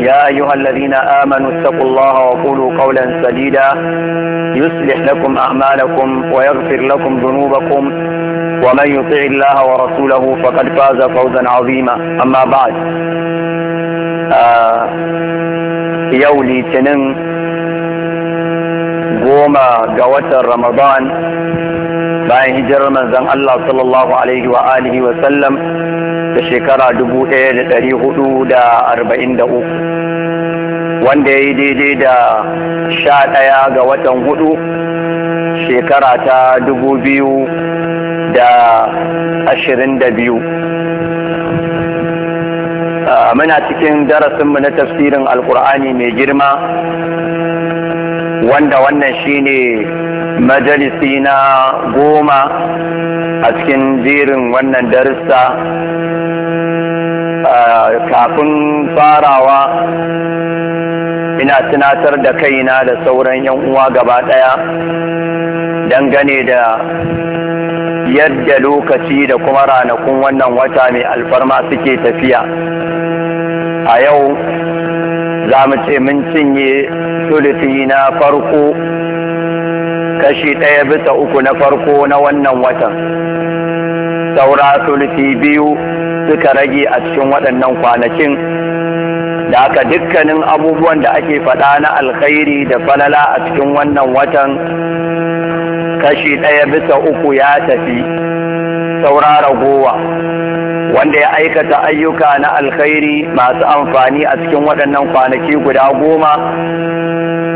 يا أيها الذين آمنوا اتقوا الله وقولوا قولا سديدا يصلح لكم أعمالكم ويغفر لكم ذنوبكم ومن يطع الله ورسوله فقد فاز فوزا عظيما أما بعد آه يولي تنم goma ga watan Ramadan bayan hijirar manzon Allah sallallahu alaihi wa alihi wa sallam da shekara 1443 wanda ya yi daidai da sha ɗaya ga watan hudu shekara ta dubu biyu da ashirin da biyu muna cikin darasinmu na tafsirin alkur'ani mai girma wanda wannan shine majalisi na goma a cikin jerin wannan darussa kafin farawa ina tunatar da kaina da sauran yan uwa gaba daya dangane da yadda lokaci da kuma ranakun wannan wata mai alfarma suke tafiya a yau za mu ce mun cinye sulufi na farko kashi ɗaya bisa uku na farko na wannan watan saura sulufi biyu suka rage a cikin waɗannan kwanakin da aka dukkanin abubuwan da ake faɗa na alkhairi da falala a cikin wannan watan kashi ɗaya bisa uku ya tafi saura ragowa wanda ya aikata ayyuka na alkhairi masu amfani a cikin waɗannan kwanaki guda goma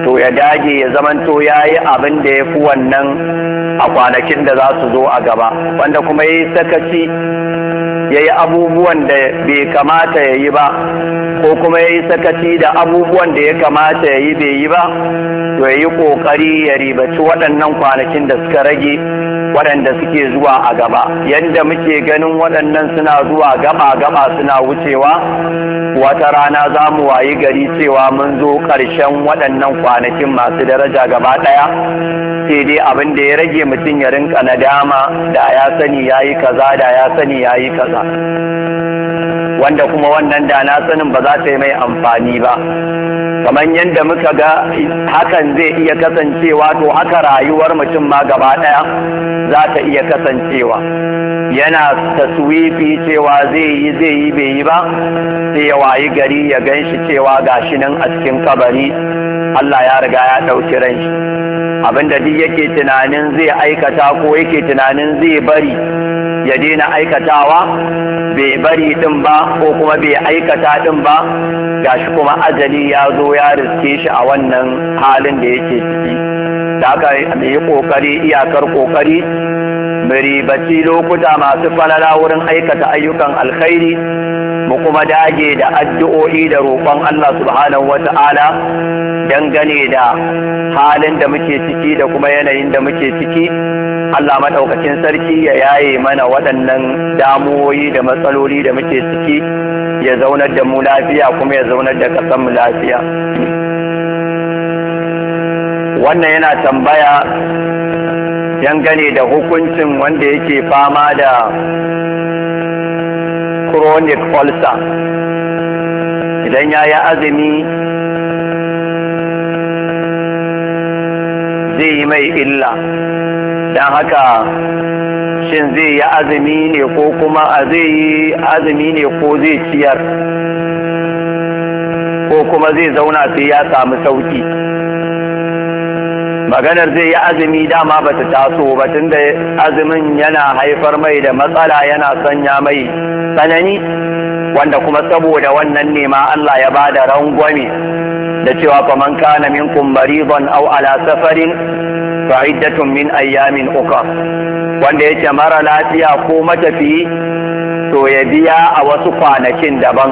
to ya dage ya zamanto ya yi abin da ya fi wannan a kwanakin da za su zo a gaba wanda kuma ya yi sakaci ya yi abubuwan da bai kamata ya yi ba ko kuma ya yi sakaci da abubuwan da ya kamata ya yi bai yi ba to ya yi ƙoƙari ya ribaci waɗannan kwanakin da suka rage waɗanda suke zuwa a gaba yadda muke ganin waɗannan suna zuwa gaba gaba suna wucewa wata rana za mu wayi gari cewa mun zo ƙarshen waɗannan kwanakin masu daraja gaba ɗaya sai dai abin da ya rage mutum ya rinka nadama da ya sani ya yi kaza da ya sani ya yi kaza wanda kuma wannan da na sanin ba za ta yi mai amfani ba kamar yadda muka ga hakan zai iya kasancewa to haka rayuwar mutum ma gaba ɗaya za ta iya kasancewa yana taswifi cewa zai yi zai yi bai yi ba sai ya wayi gari ya gan shi cewa shi nan a cikin kabari Allah ya riga ya ɗauki ran Abin da duk yake tunanin zai aikata ko yake tunanin zai bari ya daina aikatawa bai bari din ba ko kuma bai aikata din ba gashi kuma ajali ya zo ya riske shi a wannan halin da yake ciki da aka yi kokari iyakar kokari bacci lokuta masu falala wurin aikata ayyukan alkhairi mu kuma dage da addu'o'i da roƙon Allah subhanahu wa ta'ala, dangane da halin da muke ciki da kuma yanayin da muke ciki Allah madaukakin sarki ya yaye mana waɗannan damuwoyi da matsaloli da muke ciki ya zaunar da mu lafiya kuma ya zaunar da ƙasar mu lafiya wannan yana tambaya dangane da hukuncin wanda yake fama da chronic ulcer idan ya yi azumi zai yi mai illa dan haka shin zai yi azumi ne ko kuma a zai yi azumi ne ko zai ciyar ko kuma zai zauna sai ya samu sauki maganar zai yi azumi dama ba ta taso ba tunda azumin yana haifar mai da matsala yana sanya mai tsanani wanda kuma saboda wannan nema Allah ya ba da rangwame da cewa faman kana minkum maridan au ala safarin fa'iddatun min ayyamin ukar, wanda yake mara lafiya ko matafiyi to ya biya a wasu kwanakin daban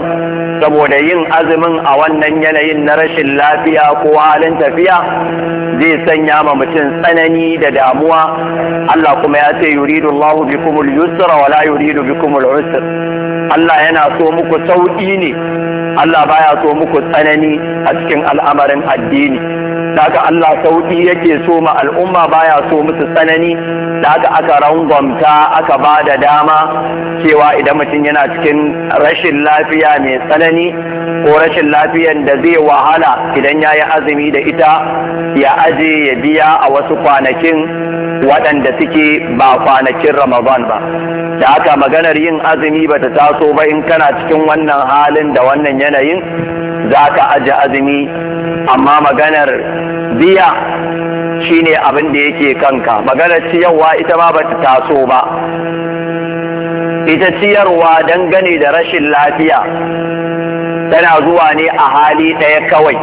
saboda yin azumin a wannan yanayin na rashin lafiya ko halin tafiya zai sanya ma mutum tsanani da damuwa Allah kuma ya ce yuridu Allah bikumul yusra wala yuridu bikumul usr Allah yana so muku sauki ne Allah baya so muku tsanani a cikin al'amarin addini daga Allah sauki yake so ma al'umma baya so musu tsanani daga aka rangwamta aka ba da dama cewa idan mutum yana cikin rashin lafiya mai tsanani ko rashin lafiyan da zai wahala idan ya yi azumi da ita ya aje ya biya a wasu kwanakin waɗanda suke ba kwanakin Ramadan ba da haka maganar yin azumi ba ta taso ba in kana cikin wannan halin da wannan yanayin za ka aji azumi amma maganar biya shine abin da yake kanka maganar ciyarwa ita ma ta taso ba ita ciyarwa dangane da rashin lafiya tana zuwa ne a hali ɗaya kawai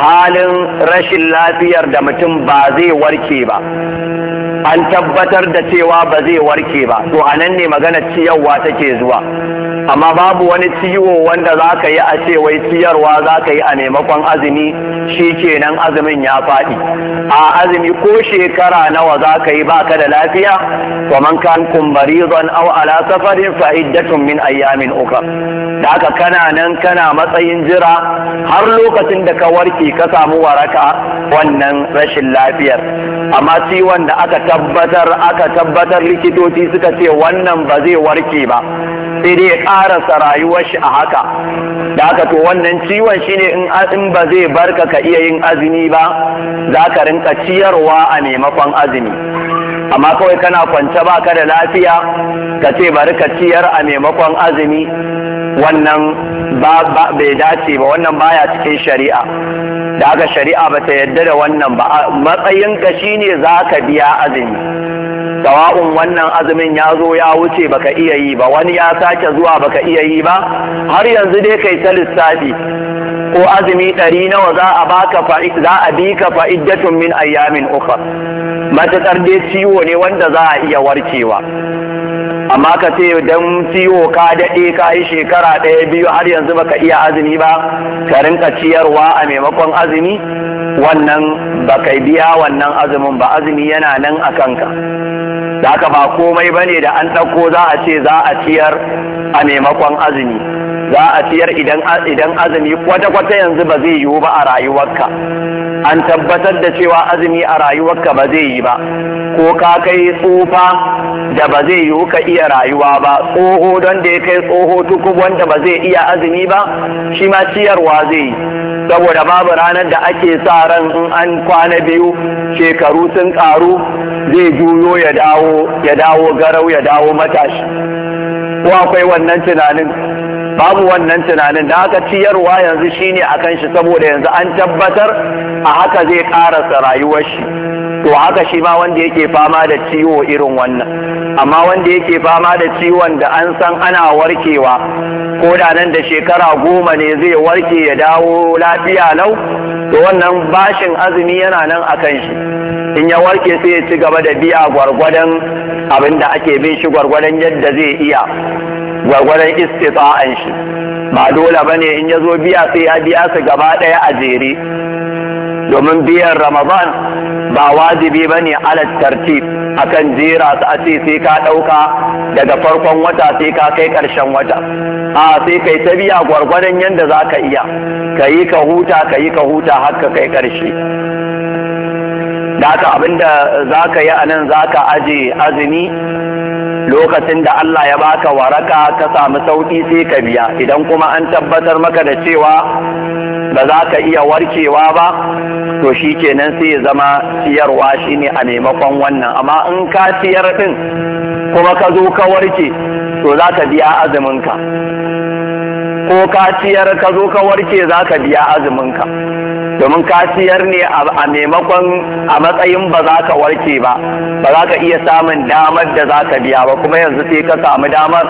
halin rashin lafiyar da mutum ba zai warke ba an tabbatar da cewa ba zai warke ba to a nan ne magana ciyarwa take zuwa amma babu wani ciwo wanda za ka yi a ce wai ciyarwa za ka yi a maimakon azumi shi kenan azumin ya faɗi a azumi ko shekara nawa za ka yi baka da lafiya wa man kan kumbari zan au ala safarin fa min ayyamin uka da haka kana nan kana matsayin jira har lokacin da ka warke ka samu waraka wannan rashin lafiyar amma ciwon da aka tabbatar aka tabbatar likitoci suka ce wannan ba zai warke ba sai dai ya rayuwar shi a haka da aka to wannan ciwon shine in ba zai barka ka iya yin azumi ba za ka rinka ciyarwa a maimakon azumi amma kawai kana kwance baka da lafiya ka ce bari ka ciyar a maimakon azumi wannan bai dace ba wannan baya cikin shari'a da ga shari'a ba ta yadda da wannan ba matsayin ka shine za biya azumi sawa'un wannan azumin ya zo ya wuce baka iya yi ba wani ya sake zuwa baka iya yi ba har yanzu dai kai ta lissafi ko azumi ɗari nawa za a baka za a bi ka fa'iddatun min ayyamin ukhra matakar dai ciwo ne wanda za a iya warkewa amma ka ce don ciwo ka daɗe ka yi shekara ɗaya biyu har yanzu baka iya azumi ba ka rinka ciyarwa a maimakon azumi wannan baka biya wannan azumin ba azumi yana nan a kanka da haka ba komai bane da an ɗauko za a ce za a ciyar a maimakon azumi za a ciyar idan azumi kwata-kwata yanzu ba zai yiwu ba a rayuwarka an tabbatar da cewa azumi a rayuwarka ba zai yi ba ko ka kai tsufa da ba zai yiwu ka iya rayuwa ba tsoho don da ya kai tsoho tukub wanda ba zai iya azumi ba shi ma ciyarwa zai yi saboda babu ranar da ake sa ran in an kwana biyu shekaru sun karu zai juyo ya dawo ya dawo garau ya dawo matashi ko akwai wannan tunanin babu wannan tunanin da haka ciyarwa yanzu shine akan shi saboda yanzu an tabbatar a haka zai karasa rayuwar shi to haka shi ma wanda yake fama da ciwo irin wannan amma wanda yake fama da ciwon da an san ana warkewa ko da nan da shekara goma ne zai warke ya dawo lafiya lau to wannan bashin azumi yana nan akan shi in ya warke sai ya ci gaba da biya gwargwadon abin da ake bin shi gwargwaron yadda zai iya iske istita'an shi ba dole ba ne in ya zo biya sai ya biya su gaba ɗaya a jere domin biyan ramadan ba wajibi ba ne alat a akan jera su a ce sai ka ɗauka daga farkon wata sai ka kai ƙarshen wata a sai kai ta biya gwargwadon yadda za ka iya ka yi ka huta ka yi ka huta har ka kai ƙarshe da abin da za ka yi a nan za ka aje azumi lokacin da Allah ya baka waraka ka samu sauƙi sai ka biya idan kuma an tabbatar maka da cewa ba za ka iya warkewa ba to shi kenan sai ya zama ciyarwa ne a maimakon wannan amma in ka siyar ɗin kuma ka zo ka warke to za ka biya azuminka ko ka ciyar ka zo ka warke za ka biya azuminka domin ka ne a maimakon a matsayin ba za ka warke ba ba za ka iya samun damar da za ka biya ba kuma yanzu sai ka samu damar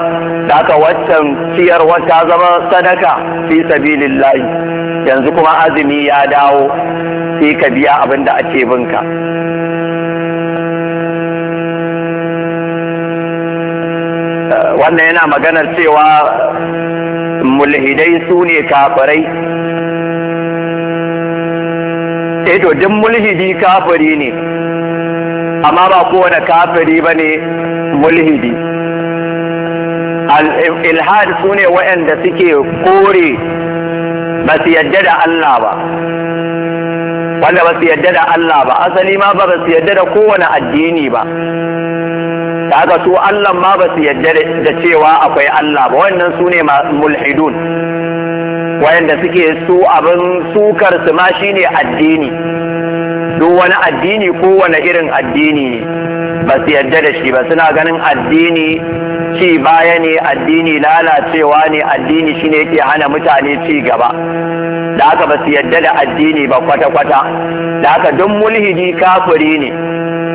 da ka waccan ciyar wata zama sadaka fi sabilillahi yanzu kuma azumi ya dawo sai ka biya abin da ake binka wannan yana maganar cewa mulhidai su ne kafirai eto eh duk mulhidi kafiri ne amma ba kowane kafiri ba ne mulhidi ilhad su ne waɗanda suke kore ba su yadda da Allah ba wanda ba su yadda da Allah ba asali ma ba su yadda da kowane addini ba da su Allah ma ba su yadda da cewa akwai Allah ba wannan su ne mulhidun wayanda suke su abin sukar su ma shine addini duk wani addini ko wani irin addini ne ba su yadda da shi ba suna ganin addini ci baya ne addini lalacewa ne addini shine yake hana mutane ci gaba da haka ba su yadda da addini ba kwata-kwata da haka duk mulhidi kafiri ne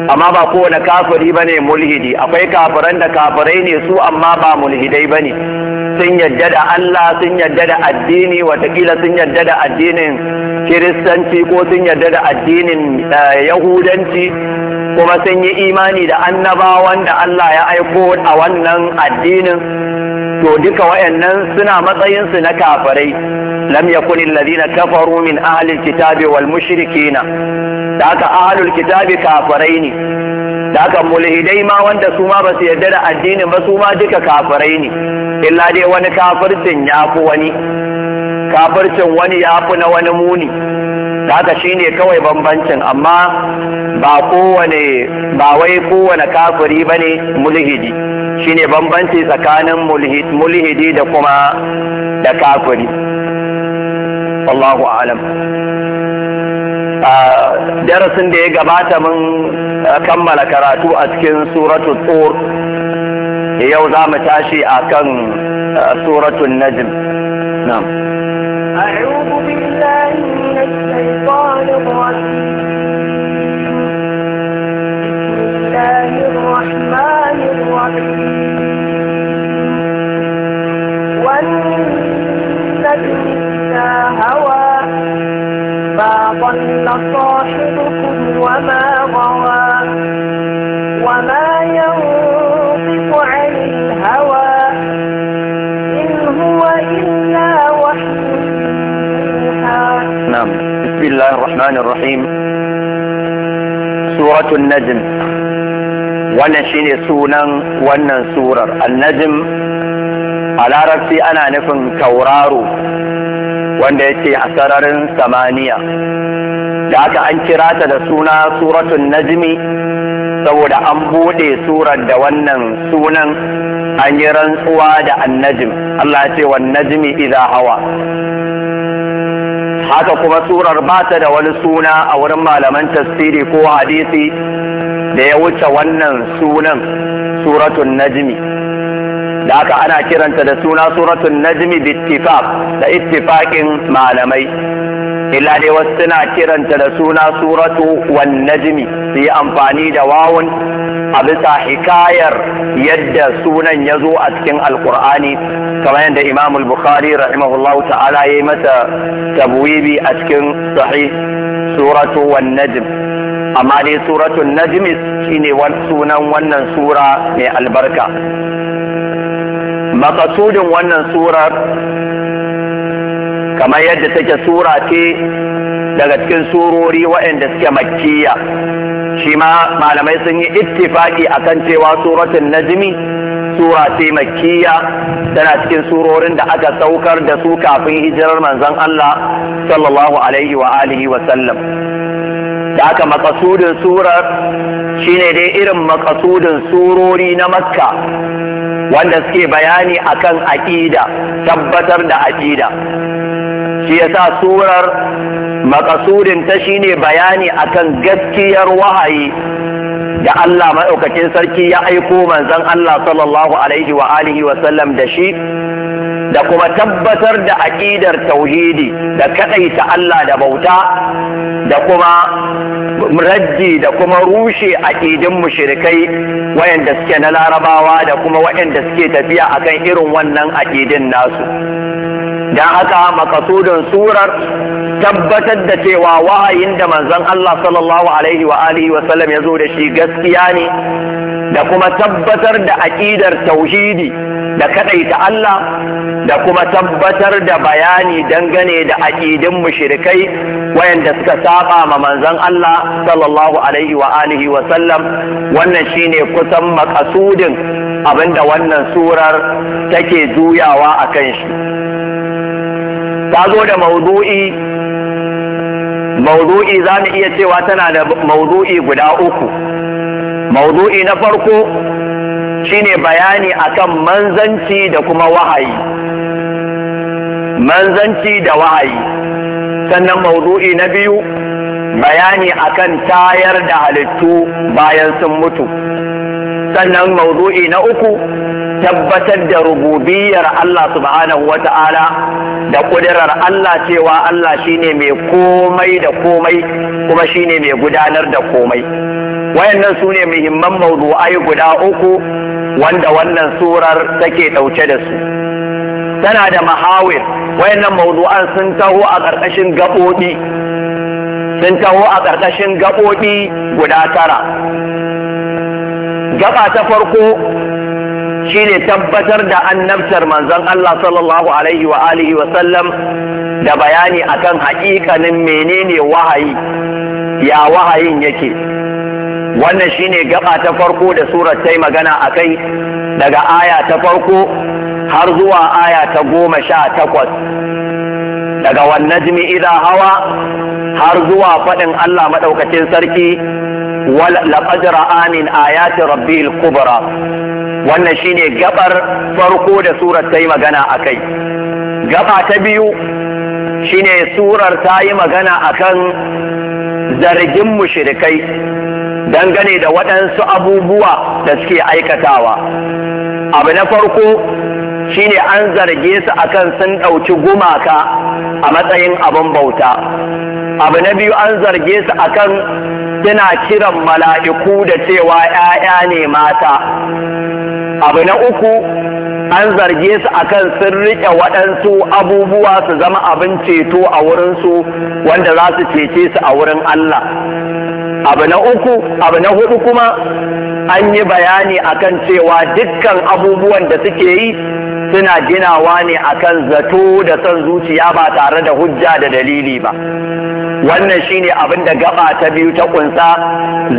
amma ba kowane kafiri ne mulhidi akwai kafiran da kafirai ne su amma ba mulhidai ba ne. sun yadda da Allah sun yadda da addini watakila sun yadda da addinin kiristanci ko sun yadda da addinin eh, yahudanci kuma sun yi imani da annabawan da Allah ya aiko a wannan addinin to duka wayannan suna matsayinsu na kafirai lam yakun alladhina kafaru min ahli alkitabi wal mushrikina da haka ahlul kitabi kafirai ne da haka mulhidai ma wanda su ma ba su yarda da addinin ba su ma duka kafirai ne illa dai wani kafircin ya fi wani kafircin wani ya fi na wani muni da shi shine kawai bambancin amma ba kowane ba wai kowane kafiri bane mulhidi shine bambanci tsakanin mulhidi da kuma da kafiri wallahu alam darasin da ya gabata mun kammala karatu a cikin suratu tsor yau za mu tashi a kan suratu najm na'am أعوذ هوى ما ضل صاحبكم وما غوى وما ينطق عن الهوى إن هو إلا وحي نعم بسم الله الرحمن الرحيم سورة النجم wannan shine sunan wannan surar النجم a larabci ana nufin tauraro wanda yake a sararin samaniya da haka an kira ta da suna suratun najmi saboda an buɗe surar da wannan sunan an yi rantsuwa da annajim Allah ya ce wan najmi idza hawa haka kuma surar ba ta da wani suna a wurin malaman tafsiri ko hadisi da ya wuce wannan sunan suratun najmi da aka ana kiranta da suna suratun najmi bittifaq da ittifaqin malamai illa dai wasu suna kiranta da suna suratu wan najmi su yi amfani da wawun a bisa hikayar yadda sunan ya zo a cikin alkur'ani kamar yadda imam bukhari rahimahullahu ta'ala ya yi mata tabwibi a cikin sahih suratu wan najm amma dai suratun najmi shine sunan wannan sura mai albarka makasudin wannan surar kamar yadda take sura ce daga cikin surori waɗanda suke makiya, shi ma malamai sun yi ittifaki kan cewa suratun najmi sura ce makkiya tana cikin surorin da aka saukar da su kafin hijirar manzon Allah sallallahu alaihi wa alihi wa sallam da aka makasudin surar shine dai irin makasudin surori na makka wanda suke bayani akan aƙida tabbatar da aƙida shi yasa surar makasudin ta shine bayani akan gaskiyar wahayi da Allah maɗaukacin sarki ya aiko manzon Allah sallallahu alaihi wa alihi wa sallam da shi da kuma tabbatar da aƙidar tauhidi da kaɗaita Allah da bauta da kuma raddi da kuma rushe aƙidin mushrikai wayanda suke na larabawa da kuma wayanda suke tafiya akan irin wannan aƙidin nasu don haka makasudin surar tabbatar da cewa wahayin da manzon Allah sallallahu alaihi wa alihi wa sallam ya zo da shi gaskiya ne da kuma tabbatar da aƙidar tauhidi da kaɗaita Allah da kuma tabbatar da bayani dangane da aƙidin mushrikai wayanda suka saba ma manzon Allah sallallahu alaihi wa alihi wa sallam wannan shine kusan makasudin abinda wannan surar take juyawa akan shi ta zo da maudu'i maudu'i za mu iya cewa tana da maudu'i guda uku maudu'i na farko shine bayani akan manzanci da kuma wahayi manzanci da wahayi sannan maudu'i na biyu bayani akan tayar da halittu bayan sun mutu sannan maudu'i na uku tabbatar da rububiyar Allah subhanahu wa da ƙudurar Allah cewa Allah shine mai komai da komai kuma shine mai gudanar da komai. wayannan su ne muhimman mawdu'ai guda uku wanda wannan surar take ɗauke da su tana da mahawir wayannan mawdu'an sun taho a ƙarƙashin gaɓoɗi sun taho a ƙarƙashin gaɓoɗi guda tara gaba ta farko shine tabbatar da annabtar manzon Allah sallallahu alaihi wa alihi wa sallam da bayani akan haƙiƙanin menene wahayi ya wahayin yake wannan shine gaba ta farko da surar ta yi magana a kai daga aya ta farko har zuwa aya ta goma sha takwas daga wannan jimi hawa har zuwa faɗin Allah maɗaukacin sarki laqad amin min ayati kubra wannan shine gabar farko da surar ta yi magana a kai gaba ta biyu shine surar ta yi magana akan zargin mushrikai dangane da waɗansu abubuwa da suke aikatawa abu na farko shine an zarge su akan sun ɗauki gumaka a matsayin abin bauta abu na biyu an zarge su akan suna kiran mala'iku da cewa ‘ya'ya ne mata abu na uku an zarge su akan sun riƙe waɗansu abubuwa su zama abin ceto a wurinsu wanda za su cece su a wurin Allah abu na uku abu na hudu kuma an yi bayani akan cewa dukkan abubuwan da suke yi suna ginawa ne akan zato da son zuciya ba tare da hujja da dalili ba wannan shine abin da gaba ta biyu ta kunsa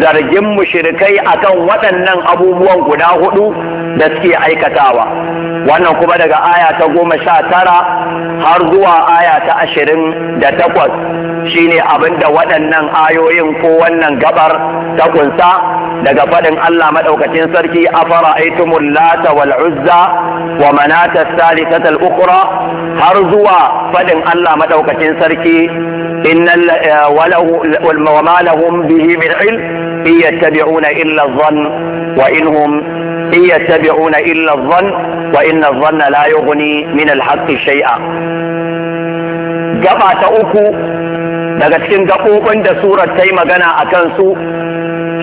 zargin mushrikai akan waɗannan abubuwan guda hudu da suke aikatawa wannan kuma daga aya ta goma sha tara har zuwa aya ta ashirin da takwas shine abin da waɗannan ayoyin ko wannan gabar ta kunsa daga faɗin Allah maɗaukacin sarki afara Aitumun lata wal'uzza wa mana ata salisata al-ukhra har zuwa faɗin Allah maɗaukacin sarki innal wa ma lahum bihi min ilm in yattabi'una illa zan wa inhum in yattabi'una illa adh wa inna min al shai'a. gaba ta uku daga cikin gaɓoɓin da surar ta yi magana a kansu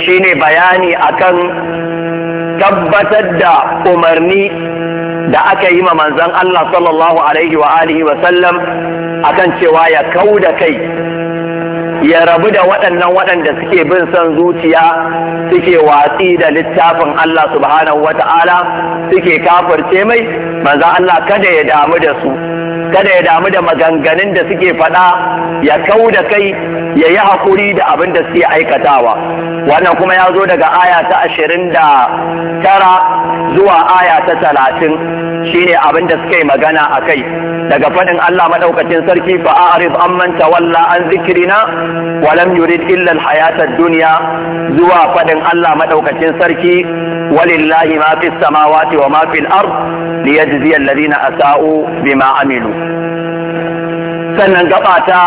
shine bayani akan tabbatar da umarni da aka yi ma manzon Allah sallallahu alaihi wa alihi wa sallam akan cewa ya da kai ya rabu da waɗannan waɗanda suke bin son zuciya suke watsi da littafin Allah subhanahu wa ta'ala suke kafirce mai manzan Allah kada ya damu da su kada ya damu da maganganun da suke faɗa ya kau da kai ya yi hakuri da abin da suke aikatawa wannan kuma ya zo daga aya ta ashirin da tara zuwa aya ta talatin shine abin da suka yi magana a kai daga faɗin Allah maɗaukacin sarki fa an manta walla an zikiri na? lam yurid illa duniya zuwa faɗin Allah maɗaukacin sarki walillahi ma fis samawati wa ma fil ard liyajziya alladhina asa'u bima amilu sannan gaba ta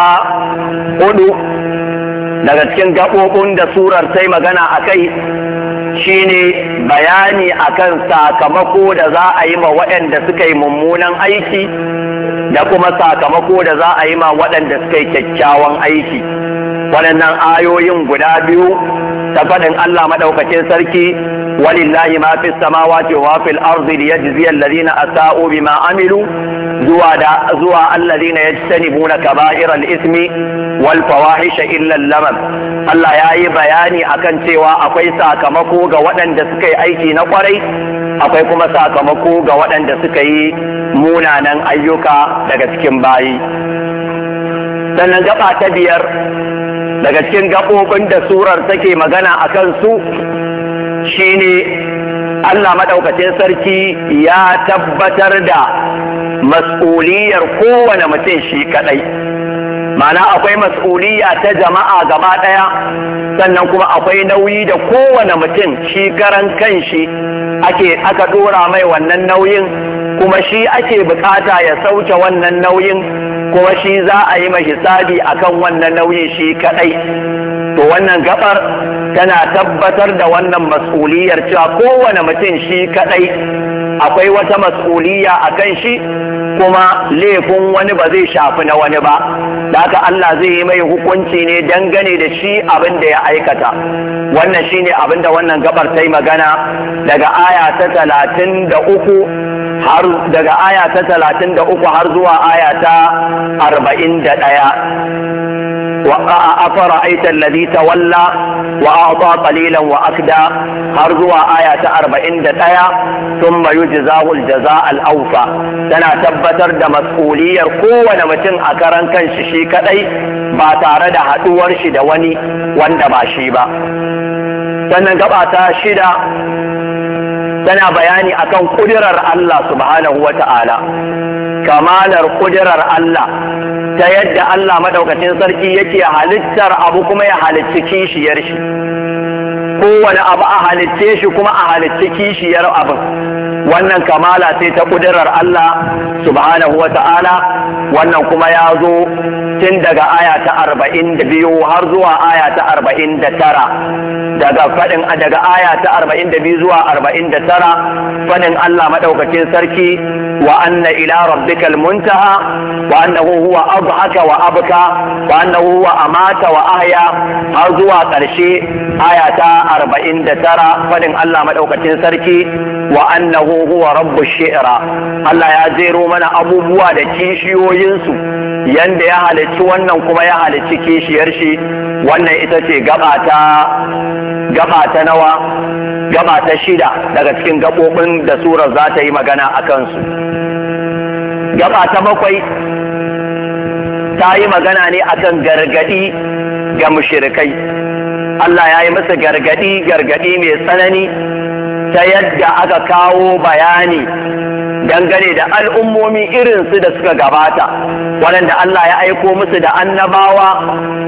hudu daga cikin gaɓoɓin da surar sai magana a kai shine bayani akan sakamako da za a yi ma waɗanda suka yi mummunan aiki da kuma sakamako da za a yi ma waɗanda suka yi kyakkyawan aiki waɗannan ayoyin guda biyu ta faɗin Allah maɗaukacin sarki walillahi ma fi samawati wa fil ardi liyajziya alladhina asa'u bima amilu zuwa Allah zuwa alladhina yajtanibuna kaba'ira al-ismi wal fawahisha illa al-lamam Allah yayi bayani akan cewa akwai sakamako ga waɗanda suka yi aiki na kwarai akwai kuma sakamako ga waɗanda suka yi munanan ayyuka daga cikin bayi sannan gaba ta biyar daga cikin gaɓoɓin da surar take magana a kansu Shi ne Allah maɗaukacin sarki ya tabbatar da mas'uliyar kowane mutum shi kaɗai ma'ana akwai mas'uliya ta jama'a gaba ɗaya sannan kuma akwai nauyi da kowane mutum shi karan kanshi ake aka ɗora mai wannan nauyin kuma shi ake bukata ya sauke wannan nauyin kuma shi za a yi mahisabi akan wannan nauyin shi kaɗai to wannan gabar tana tabbatar da wannan mas'uliyar cewa kowane mutum shi kadai akwai wata mas'uliya a kan shi kuma laifin wani ba zai shafi na wani ba da haka Allah zai yi mai hukunci ne dangane da shi abin da ya aikata wannan shine abin da wannan gabar ta yi magana daga aya ta talatin da uku har daga aya ta talatin da uku har zuwa aya ta arba'in da ɗaya afara aitan ladhi tawalla wa a'ta qalilan wa akda har zuwa aya ta arba'in da ɗaya thumma yujzahu aljaza al'aufa tana tabbatar da mas'uliyar kowane mutum a karan kanshi shi kadai ba tare da haɗuwar shi da wani wanda ba shi ba sannan gaba ta shida tana bayani akan kudirar Allah subhanahu wa ta'ala kamalar kudirar Allah ta yadda Allah maɗaukacin sarki yake halittar abu kuma ya halicci kishiyar shi kowane abu a halicce shi kuma a halicce kishiyar abin wannan kamala sai ta kudirar Allah subhanahu wa ta'ala wannan kuma ya zo tun daga aya ta arba'in da biyu har zuwa aya ta arba'in da tara daga faɗin daga aya ta arba'in da biyu zuwa arba'in da tara faɗin Allah maɗaukacin sarki wa anna ila rabbikal muntaha wa annahu huwa abhaka wa abka wa annahu huwa amata wa ahya har zuwa ƙarshe aya ta arba'in da tara faɗin Allah maɗaukacin sarki wa annahu huwa rabbu shi'ra Allah ya jero mana abubuwa da kishiyoyinsu yanda ya halicci wannan kuma ya halicci kishiyar shi wannan ita ce gaba ta nawa gaba shida daga cikin gaɓoɓin da surar za ta yi magana a kansu gaba bakwai ta yi magana ne akan gargadi ga mushirikai Allah ya yi masa gargadi gargadi mai tsanani ta yadda aka kawo bayani dangane da al'ummomi irinsu da suka gabata waɗanda Allah ya aiko musu da annabawa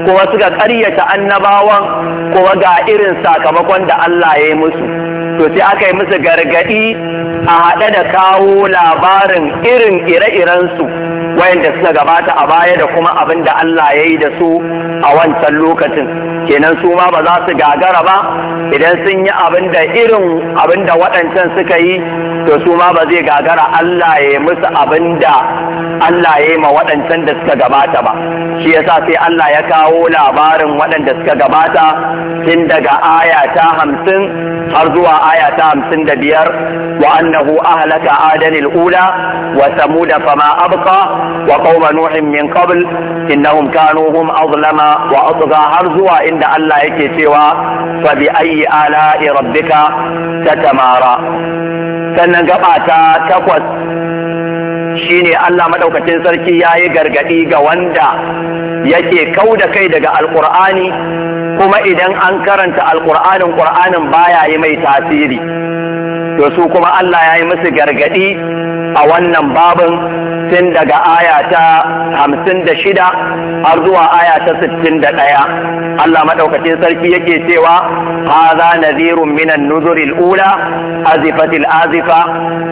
kuma suka ƙaryata annabawan kuma ga irin sakamakon da Allah ya yi musu to sai aka yi musu gargaɗi a haɗe da kawo labarin irin ire-irensu wayanda suka gabata a baya da kuma abin da Allah ya yi da su a wancan lokacin kenan su ma ba za su gagara ba idan sun yi abin da irin abin da waɗancan suka yi to su ma ba zai gagara Allah ya yi musu abin da Allah ya yi ma waɗancan da suka gabata ba shi yasa sai Allah ya kawo labarin waɗanda suka gabata tun daga aya ta hamsin har zuwa aya ta hamsin da biyar wa annahu ahlaka adanil ula wa samuda fama abqa wa qauma nuhin min qabl innahum kanu hum azlama wa atgha har zuwa in inda Allah yake cewa fa bi ayyi ala'i rabbika tatamara sannan gaba ta takwas shine Allah madaukakin sarki yayi gargadi ga wanda yake kauda kai daga alqur'ani kuma idan an karanta alqur'anin qur'anin baya yi mai tasiri to su kuma Allah yayi musu gargadi a wannan babin tun daga aya ta hamsin da shida har zuwa aya ta sittin da ɗaya Allah maɗaukacin sarki yake cewa haza nazirun minan nuzuril ula azifatil azifa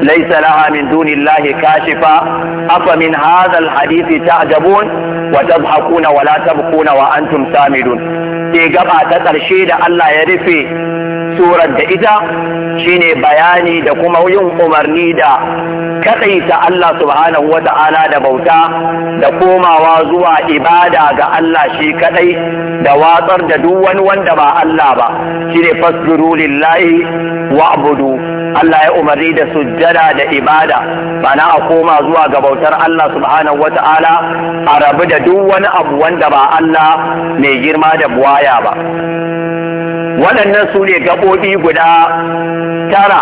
laisa laha min dunillahi kashifa afa min hadisi ta ta'jabun wa tadhakuna wa la tabkuna wa antum samidun ke gaba ta ƙarshe da Allah ya rufe surar da ita shine bayani da kuma yin umarni da kadaita Allah subhanahu wata'ala da bauta da komawa zuwa ibada ga Allah shi kadai da watsar da duk wani wanda ba Allah ba shine fasbiru lillahi wa'budu Allah ya umarni da sujjada da ibada bana a koma zuwa ga bautar Allah subhanahu wata'ala a rabu da duk wani abu wanda ba Allah mai girma da buwaya ba waɗannan su ne gaɓoɓi guda tara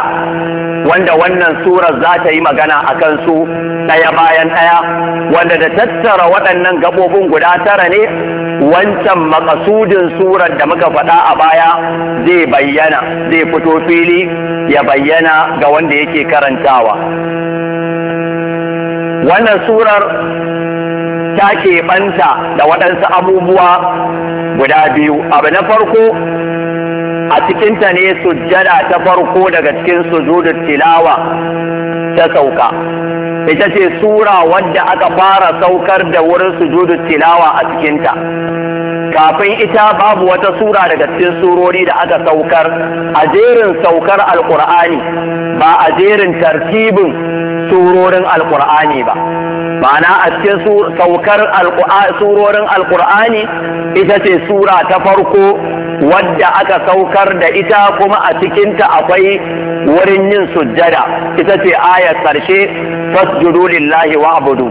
wanda wannan surar za ta yi magana a kansu ɗaya bayan ɗaya wanda da tattara waɗannan gaɓoɓin guda tara ne wancan makasudin surar da muka faɗa a baya zai bayyana zai fito fili ya bayyana ga wanda yake karantawa wannan surar ta keɓanta da waɗansu abubuwa guda biyu abu na farko a cikinta ne sujjada ta farko daga cikin sujudul tilawa ta sauka ita ce sura wadda aka fara saukar da wurin sujudul tilawa a cikinta kafin ita babu wata sura daga cikin surori da aka saukar a jerin saukar alkur'ani ba a jerin tartibin surorin alkur'ani ba ma'ana a cikin saukar surorin alkur'ani ita ce sura ta farko wadda aka saukar da ita kuma a cikinta akwai wurin yin sujjada ita ce ayar sarshe fasjudu lillahi wa abudu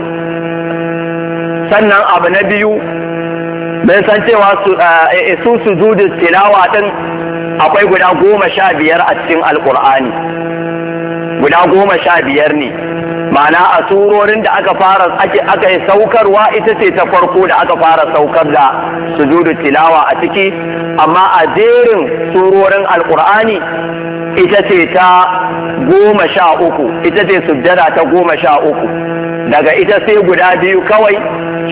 sannan abu na biyu bai san cewa eh, su sujudu tilawa din akwai guda goma sha biyar a cikin alkur'ani guda goma sha biyar ne ma'ana a surorin da aka fara aka yi saukarwa ita ce ta farko da aka fara saukar da sujudu tilawa a ciki amma a jerin surorin alkur'ani ita ce ta goma sha uku ita ce sujjada ta goma sha uku daga ita sai guda biyu kawai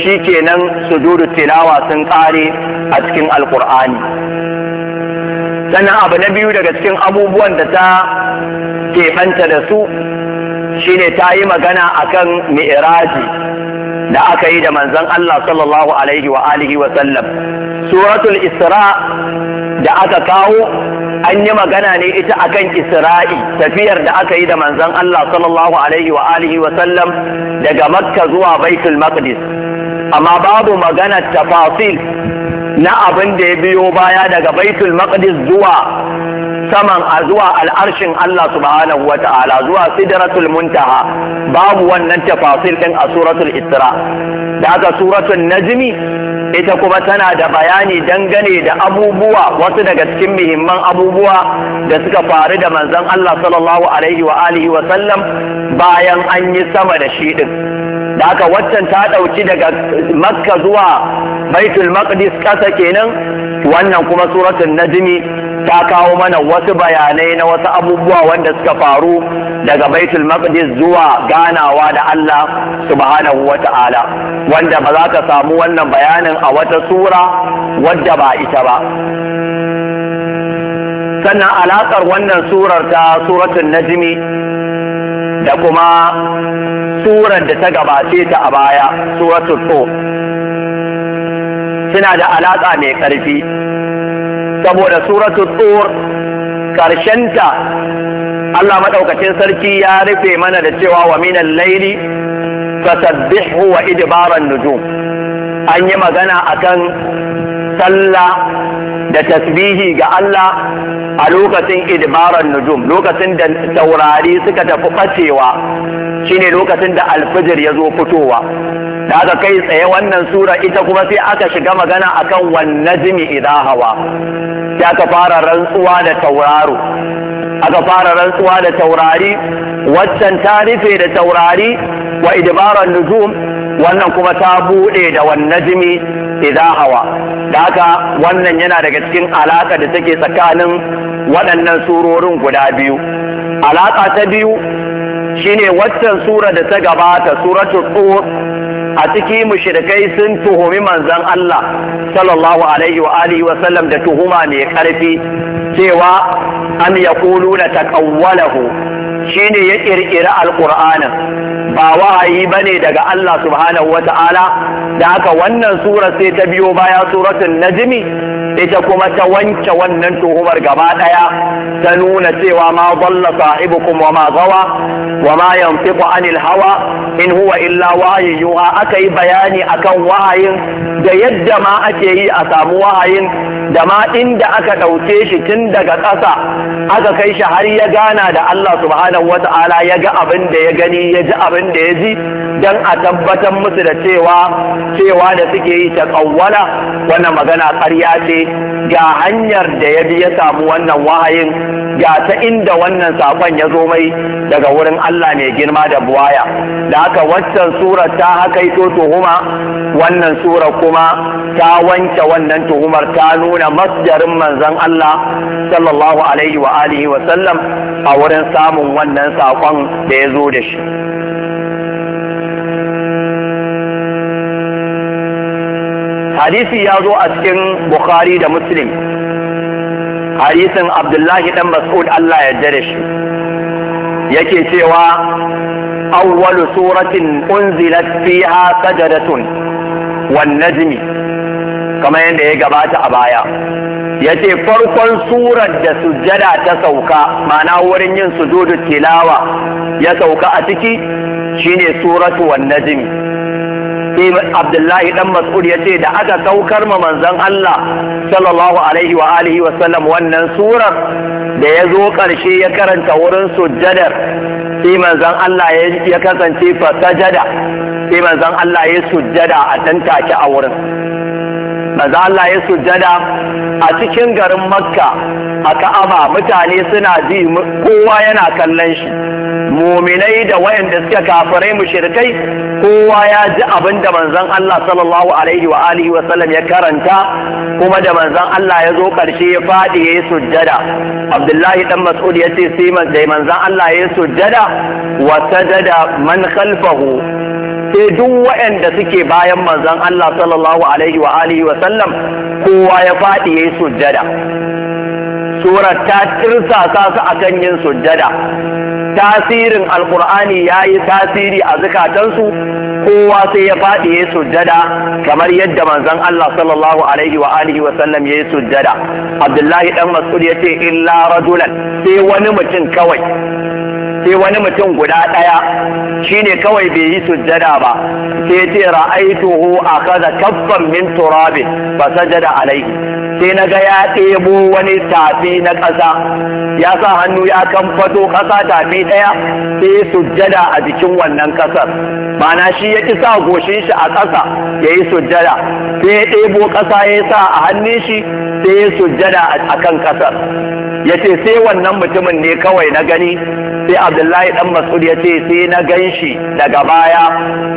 shi kenan sujudu tilawa sun tsare a cikin alkur'ani sannan abu na biyu daga cikin abubuwan da ta keɓanta da su shine ta yi magana akan mi'raji da aka yi da manzon Allah sallallahu alaihi wa alihi wa sallam suratul isra da aka kawo an yi magana ne ita akan isra'i tafiyar da aka yi da manzon Allah sallallahu alaihi wa alihi wa sallam daga makka zuwa baitul maqdis amma babu magana tafasil na abin da ya biyo baya daga baitul maqdis zuwa saman a zuwa al'arshin Allah subhanahu wa ta'ala zuwa sidratul muntaha babu wannan tafasir din a suratul isra da aka suratul najmi ita kuma tana da bayani dangane da abubuwa wasu daga cikin muhimman abubuwa da suka faru da manzon Allah sallallahu alaihi wa alihi wa sallam bayan an yi sama da shi din da aka waccan ta ɗauki daga makka zuwa baitul maqdis ƙasa kenan wannan kuma suratul najmi ta kawo mana wasu bayanai na wasu abubuwa wanda suka faru daga baitul maqdis zuwa ganawa da Allah subhanahu wata'ala wanda ba za ka samu wannan bayanin a wata sura wadda ba ita ba sannan alaƙar wannan surar ta suratul najmi da kuma surar da ta gabace ta a baya suratul to suna da alaƙa mai ƙarfi saboda suratul tur ƙarshenta Allah maɗaukacin sarki ya rufe mana da cewa wa minan laili fasabbihu wa idbaran nujum an yi magana akan sallah da tasbihi ga Allah a lokacin idbaran nujum lokacin da taurari suka tafi ɓacewa shine lokacin da alfijir ya zo fitowa da aka kai tsaye wannan sura ita kuma sai aka shiga magana akan wannan jimi idan hawa sai aka fara rantsuwa da tauraro aka fara rantsuwa da taurari waccan ta rufe da taurari wa idbaran nujum wannan kuma ta bude da wannan jimi Iza hawa da haka wannan yana daga cikin alaƙa da take tsakanin waɗannan surorin guda biyu Alaƙa ta biyu shine waccan sura da ta gabata suratul tur a ciki mushrikai sun tuhumi manzon Allah sallallahu alaihi wa alihi wa sallam da tuhuma mai karfi cewa an yaquluna taqawwalahu shi ne ya ƙirƙiri alƙur'anin ba wahayi ba ne daga Allah subhanahu wa ta'ala da haka wannan surar sai ta biyo baya suratun najmi ita kuma ta wanke wannan tuhumar gaba ɗaya ta nuna cewa ma dalla sahibukum wa ma gawa wa ma yanfiqu anil hawa in huwa illa wahyi yuha aka yi bayani akan wahayin da yadda ma ake yi a samu wahayin da ma inda aka ɗauke shi tun daga ƙasa aka kai shi har ya gana da Allah subhanahu wata'ala ya ga abin da ya gani ya ji abin da ya ji dan a tabbatar musu da cewa cewa da suke yi ta kawwala wannan magana ƙarya ce ga hanyar da ya bi ya samu wannan wahayin ga ta inda wannan sakon ya zo mai daga wurin Allah mai girma da buwaya da haka waccan sura ta ito tuhuma wannan sura kuma ta wanke wannan tuhumar ta nuna masjarin manzon Allah sallallahu alaihi wa alihi wa sallam a wurin samun wannan sakon da ya zo da shi hadisi ya zo a cikin bukhari da muslim hadisin abdullahi dan mas'ud Allah ya da shi yake cewa awwalu suratin unzilat fiha sajadatun wan najmi kamar yadda ya gabata a baya yace farkon surar da sujada ta sauka ma'ana wurin yin sujudu tilawa ya sauka a ciki shine suratu wan najmi sai abdullahi dan mas'ud ya ce da aka saukar ma manzon Allah sallallahu alaihi wa alihi wa sallam wannan surar da ya zo karshe ya karanta wurin sujjadar sai manzon Allah ya kasance fa sajada sai manzon Allah ya sujjada a take a wurin maza Allah ya sujjada a cikin garin Makka a Ka'aba mutane suna ji kowa yana kallon shi muminai da wayanda suka kafirai mushrikai kowa ya ji abin da manzon Allah sallallahu alaihi wa alihi wa sallam ya karanta kuma da manzon Allah ya zo karshe ya faɗi ya yi sujjada Abdullahi dan Mas'ud ya ce sai manzon Allah ya yi sujjada wa sajada man khalfahu sai duk waɗanda suke bayan manzon Allah sallallahu alaihi wa alihi wa sallam kowa ya faɗi yayi sujjada surar ta tirsasa su akan yin sujjada tasirin alkur'ani ya yi tasiri a zukatansu kowa sai ya faɗi ya yi sujjada kamar yadda manzon Allah sallallahu alaihi wa alihi wa sallam ya yi sujjada Abdullahi dan Mas'ud yace illa rajulan sai wani mutum kawai sai wani mutum guda ɗaya shine kawai bai yi sujjada ba sai ce ra'aituhu akaza kaffan min turabin ba sajada alaihi sai ga ya ɗebo wani tafi na ƙasa ya sa hannu ya kamfato ƙasa tafi ɗaya sai sujjada a jikin wannan ƙasar mana shi ya ƙi sa goshin shi a ƙasa ya yi sujjada sai ya ɗebo ƙasa ya sa a hannun shi sai ya sujjada a kan ƙasar ya ce sai wannan mutumin ne kawai na gani sai abdullahi dan mas'ud ya ce sai na ganshi daga baya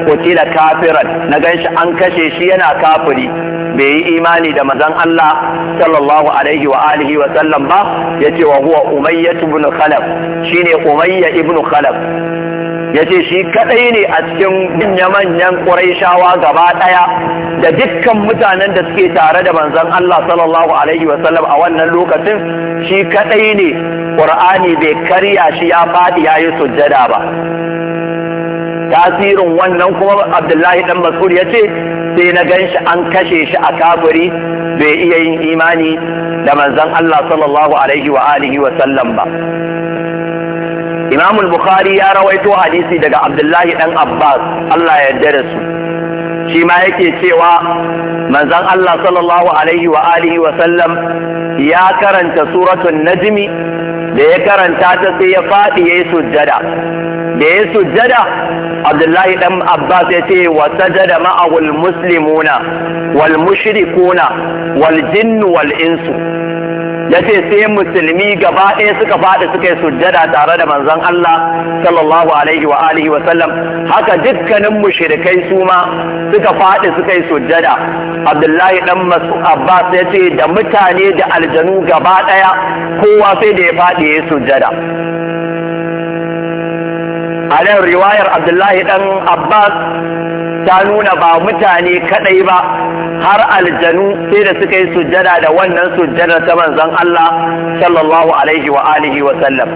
kutila kafiran na ganshi an kashe shi yana kafiri bai yi imani da mazan Allah sallallahu alaihi wa alihi wa sallam ba yace wa huwa umayya ibn khalaf shine umayya ibn khalaf yace shi kadai ne a cikin manya-manyan quraishawa gaba ɗaya da dukkan mutanen da suke tare da manzon Allah sallallahu alaihi wa sallam a wannan lokacin shi kadai ne ƙur'ani bai karya shi ya faɗi ya yi sujjada ba tasirin wannan kuma abdullahi ɗan mas'ud ya ce sai na gan shi an kashe shi a kafuri bai iya yin imani da manzon Allah sallallahu alaihi wa alihi wa sallam ba Imamul bukhari ya rawaito hadisi daga Abdullahi ɗan Abbas Allah ya yarda da su shi ma yake cewa manzon Allah sallallahu alaihi wa alihi wa sallam ya karanta suratun najmi da ya karanta ta sai ya faɗi ya yi sujjada da ya sujjada abdullahi dan abbas ya ce wa sajada ma'ahul muslimuna wal mushrikuna wal jinnu wal insu ya ce sai musulmi gaba ɗaya suka faɗi suka yi sujjada tare da manzon Allah sallallahu alaihi wa alihi wa sallam haka dukkanin mushrikai su ma suka faɗi suka yi sujjada Abdullahi dan Abbas ya ce da mutane da aljanu gaba ɗaya kowa sai da ya faɗi ya yi sujjada a riwayar Abdullahi dan Abbas ta nuna ba mutane kadai ba har aljanu sai da suka yi sujjada da wannan sujjada ta manzon Allah sallallahu alaihi wa alihi wa sallam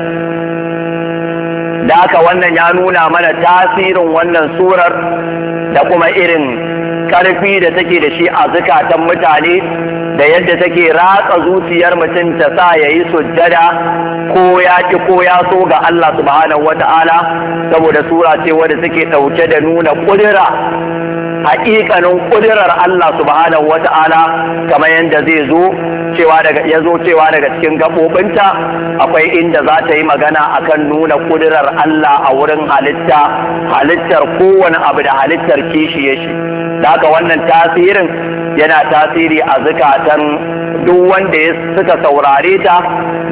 da haka wannan ya nuna mana tasirin wannan surar da kuma irin karfi da take da shi a zukatan mutane da yadda take ratsa zuciyar mutum ta sa ya yi sujjada ko ya ki ko ya so ga Allah subhanahu wa ta'ala, saboda sura ce wadda take ɗauke da nuna ƙudura haƙiƙanin ƙudurar Allah subhanahu wa ta'ala, kamar yadda zai zo cewa daga ya zo cewa daga cikin gaɓoɓinta akwai inda za ta yi magana akan nuna ƙudurar Allah a wurin halitta halittar kowane abu da halittar kishiye shi da haka wannan tasirin yana tasiri a zukatan duk wanda suka saurare ta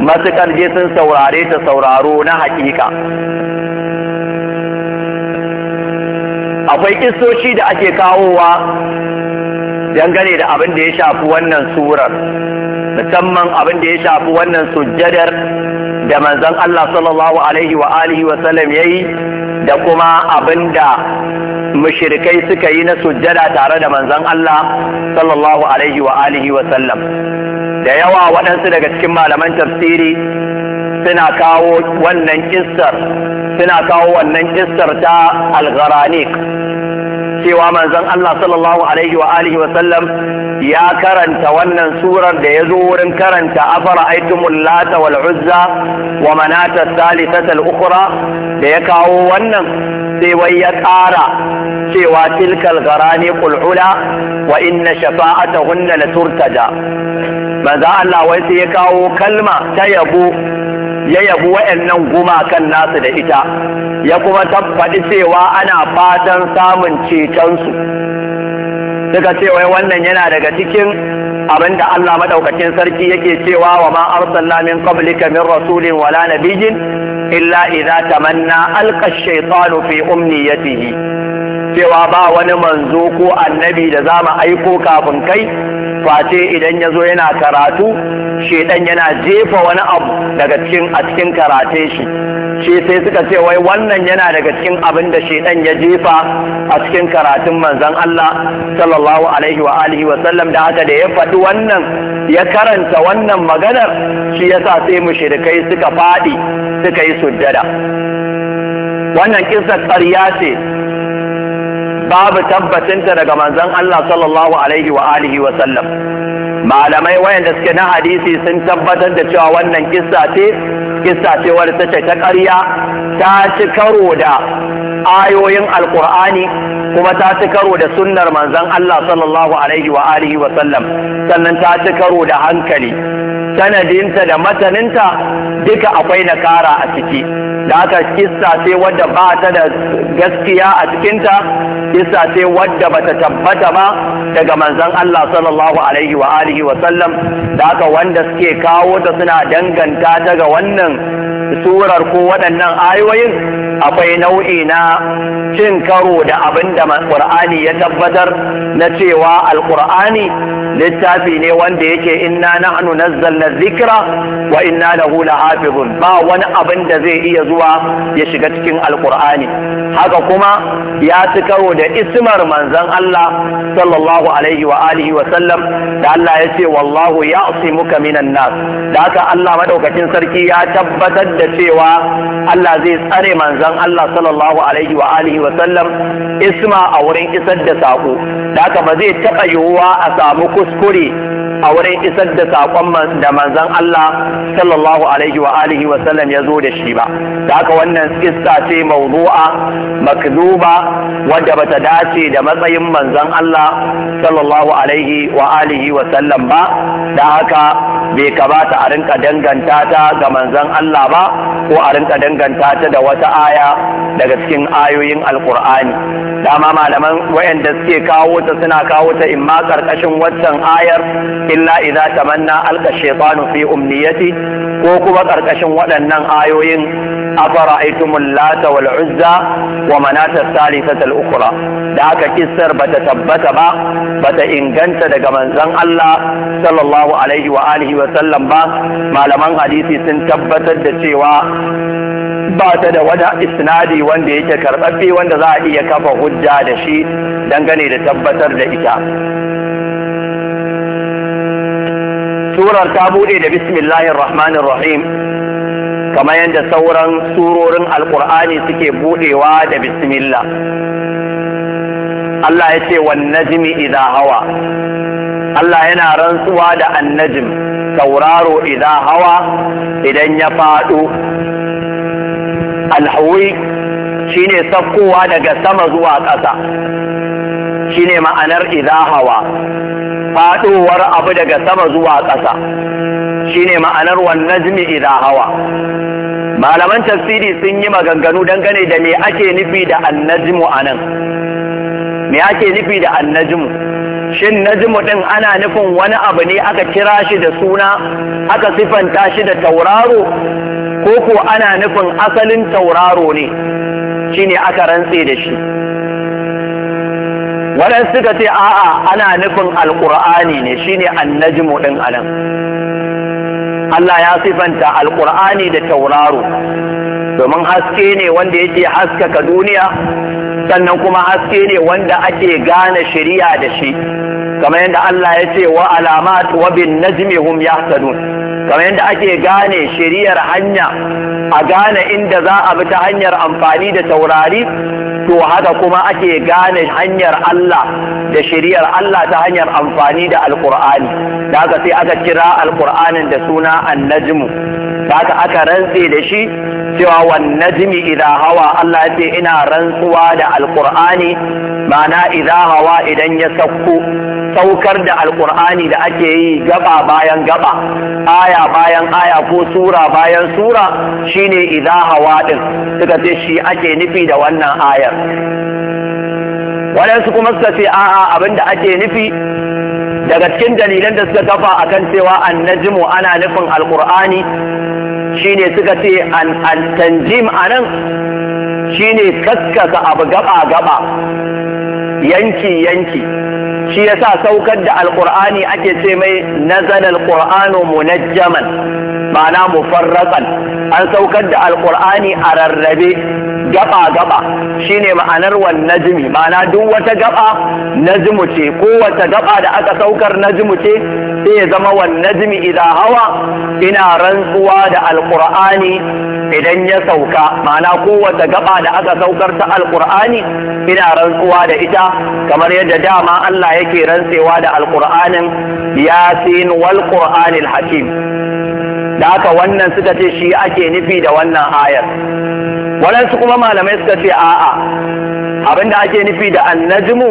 matukar je sun saurare ta sauraro na hakika akwai kistoci da ake kawowa dangane da abin da ya shafi wannan surar musamman abin da ya shafi wannan sujjadar da manzon Allah sallallahu alaihi wa alihi wa sallam yayi da kuma abinda mushrikai suka yi na sujjada tare da manzon Allah sallallahu alaihi wa alihi wa sallam da yawa waɗansu daga cikin malaman tafsiri suna kawo wannan kissar suna kawo wannan kissar ta al-gharaniq cewa manzon Allah sallallahu alaihi wa alihi wa sallam ya karanta wannan surar da ya zo wurin karanta afara aitumul lata wal uzza wa manata thalithata al ukhra da ya kawo wannan sai wai ya ƙara cewa tilkal gharani qul'ula wa inna shafa'atahunna la turtaja manzon Allah wai sai ya kawo kalma ta yabo ya yabi wa'annan gumakan nasu da ita ya kuma tabbaɗi cewa ana fatan samun cetonsu suka ce wai wannan yana daga cikin abin da Allah maɗaukacin sarki yake cewa wa ma arsalna min qablika min rasulin wala nabiyyin illa idza tamanna alqa ash-shaytanu fi umniyatihi cewa ba wani manzo ko annabi da za mu aiko kafin kai face idan ya zo yana karatu shedan yana jefa wani abu daga cikin a cikin karate shi shi sai suka ce wai wannan yana daga cikin abin da shedan ya jefa a cikin karatun manzon Allah sallallahu alaihi wa alihi wa da haka da ya faɗi wannan ya karanta wannan maganar shi yasa sai mushrikai suka faɗi suka yi sujjada wannan kissa ƙarya ce babu tabbacinta daga manzon Allah sallallahu alaihi wa alihi wa sallam malamai wayanda suke na hadisi sun tabbatar da cewa wannan kissa ce kissa ce wadda ta ce ta ƙarya ta ci karo da ayoyin alkur'ani kuma ta ci karo da sunnar manzon Allah sallallahu alaihi wa alihi wa sallam sannan ta ci karo da hankali sanadinta da mataninta duka akwai nakara a ciki da aka kissa ce wadda ba ta da gaskiya a cikinta kissa ce wadda ba ta tabbata ba daga manzon Allah sallallahu alaihi wa alihi wa sallam da aka wanda suke kawo ta suna danganta ta ga wannan surar ko waɗannan ayoyin akwai nau'i na cin karo da abin da qur'ani ya tabbatar na cewa Alƙur'ani littafi ne wanda yake inna nahnu nazzalna dhikra wa inna lahu lahafizun ba wani abin da zai iya zuwa ya shiga cikin Alƙur'ani. haka kuma ya ci karo da ismar manzon Allah sallallahu alaihi wa alihi wa sallam da Allah ya ce wallahu ya'simuka minan nas da haka Allah madaukakin sarki ya tabbatar da cewa Allah zai tsare manzon manzon Allah sallallahu alaihi wa alihi wa sallam isma a wurin isar da saƙo, da haka ba zai taɓa yiwuwa a samu kuskure a wurin isar da saƙon da manzon Allah sallallahu alaihi wa alihi wa sallam ya zo da shi ba da haka wannan kissa ce mawdu'a makduba wanda bata dace da matsayin manzon Allah sallallahu alaihi wa alihi wa sallam ba da haka bai kamata a rinka danganta ta ga manzon Allah ba ko a rinka danganta ta da wata aya daga cikin ayoyin alkur'ani dama malaman wayanda suke kawo ta suna kawo ta imma karkashin waccan ayar illa idza tamanna alqa shaytanu fi umniyati ko kuma karkashin waɗannan ayoyin afara'aytumul lata wal uzza wa manata salisatal ukhra da haka kissar bata tabbata ba bata inganta daga manzon Allah sallallahu alaihi wa alihi wa sallam ba malaman hadisi sun tabbatar da cewa ba ta da wani isnadi wanda yake karɓaɓɓe wanda za a iya kafa hujja da shi dangane da tabbatar da ita surar ta buɗe da bismillahir rahmanir rahim kamar yadda sauran surorin alkur'ani suke buɗewa da bismillah Allah ya ce wan najmi idha hawa Allah yana rantsuwa da annajim tauraro idha hawa idan ya faɗo. alhawi shine sakkowa daga sama zuwa ƙasa shine ma'anar izahawa faɗowar abu daga sama zuwa ƙasa shine ma'anar wannan izahawa malaman tafsiri sun yi maganganu dangane da me ake nufi da annajmu anan me ake nufi da annajmu shin najmu ɗin ana nufin wani abu ne aka kira shi da suna aka sifanta shi da tauraro ko ana nufin asalin tauraro ne shine aka rantse da shi waɗansu suka ce a'a ana nufin alƙur'ani ne shine annajmu ɗin anan Allah ya sifanta alƙur'ani da tauraro domin haske ne wanda yake haskaka duniya sannan kuma haske ne wanda ake gane shari'a da shi kamar yadda Allah ya ce wa alamat wa bin najmi hum yahtadun kamar yadda ake gane shari'ar hanya a gane inda za a bi ta hanyar amfani da taurari to haka kuma ake gane hanyar Allah da shari'ar Allah ta hanyar amfani da alkur'ani da haka sai aka kira alkur'anin da suna annajmu da haka aka rantse da shi cewa wan najmi idha hawa Allah ya ce ina rantsuwa da alkur'ani ma'ana idha hawa idan ya sauko saukar da alkur'ani da ake yi gaba bayan gaba aya bayan aya ko sura bayan sura shine idha hawa din suka ce shi ake nufi da wannan ayar waɗansu kuma suka ce a'a abinda ake nufi daga cikin dalilan da suka kafa akan cewa annajmu ana nufin alkur'ani shine suka ce a tanjim Shi ne kaskasa abu gaba gaba yanki yanki shi ya sa saukar da Alƙur'ani ake ce mai jaman ba munajjaman ma'ana mufarraqan an saukar da Alƙur'ani a rarrabe gaba gaba shine ma'anar wan najmi ma'ana duk wata gaba najmu ce kowace gaba da aka saukar najmu ce sai ya zama wan najmi idan hawa ina rantsuwa da alqur'ani idan ya sauka ma'ana kowace gaba da aka saukar ta alqur'ani ina rantsuwa da ita kamar yadda dama Allah yake rantsewa da alqur'anin yasin wal qur'anil hakim da haka wannan suka ce shi ake nufi da wannan ayar waɗansu kuma malamai suka ce a'a abin da ake nufi da annajmu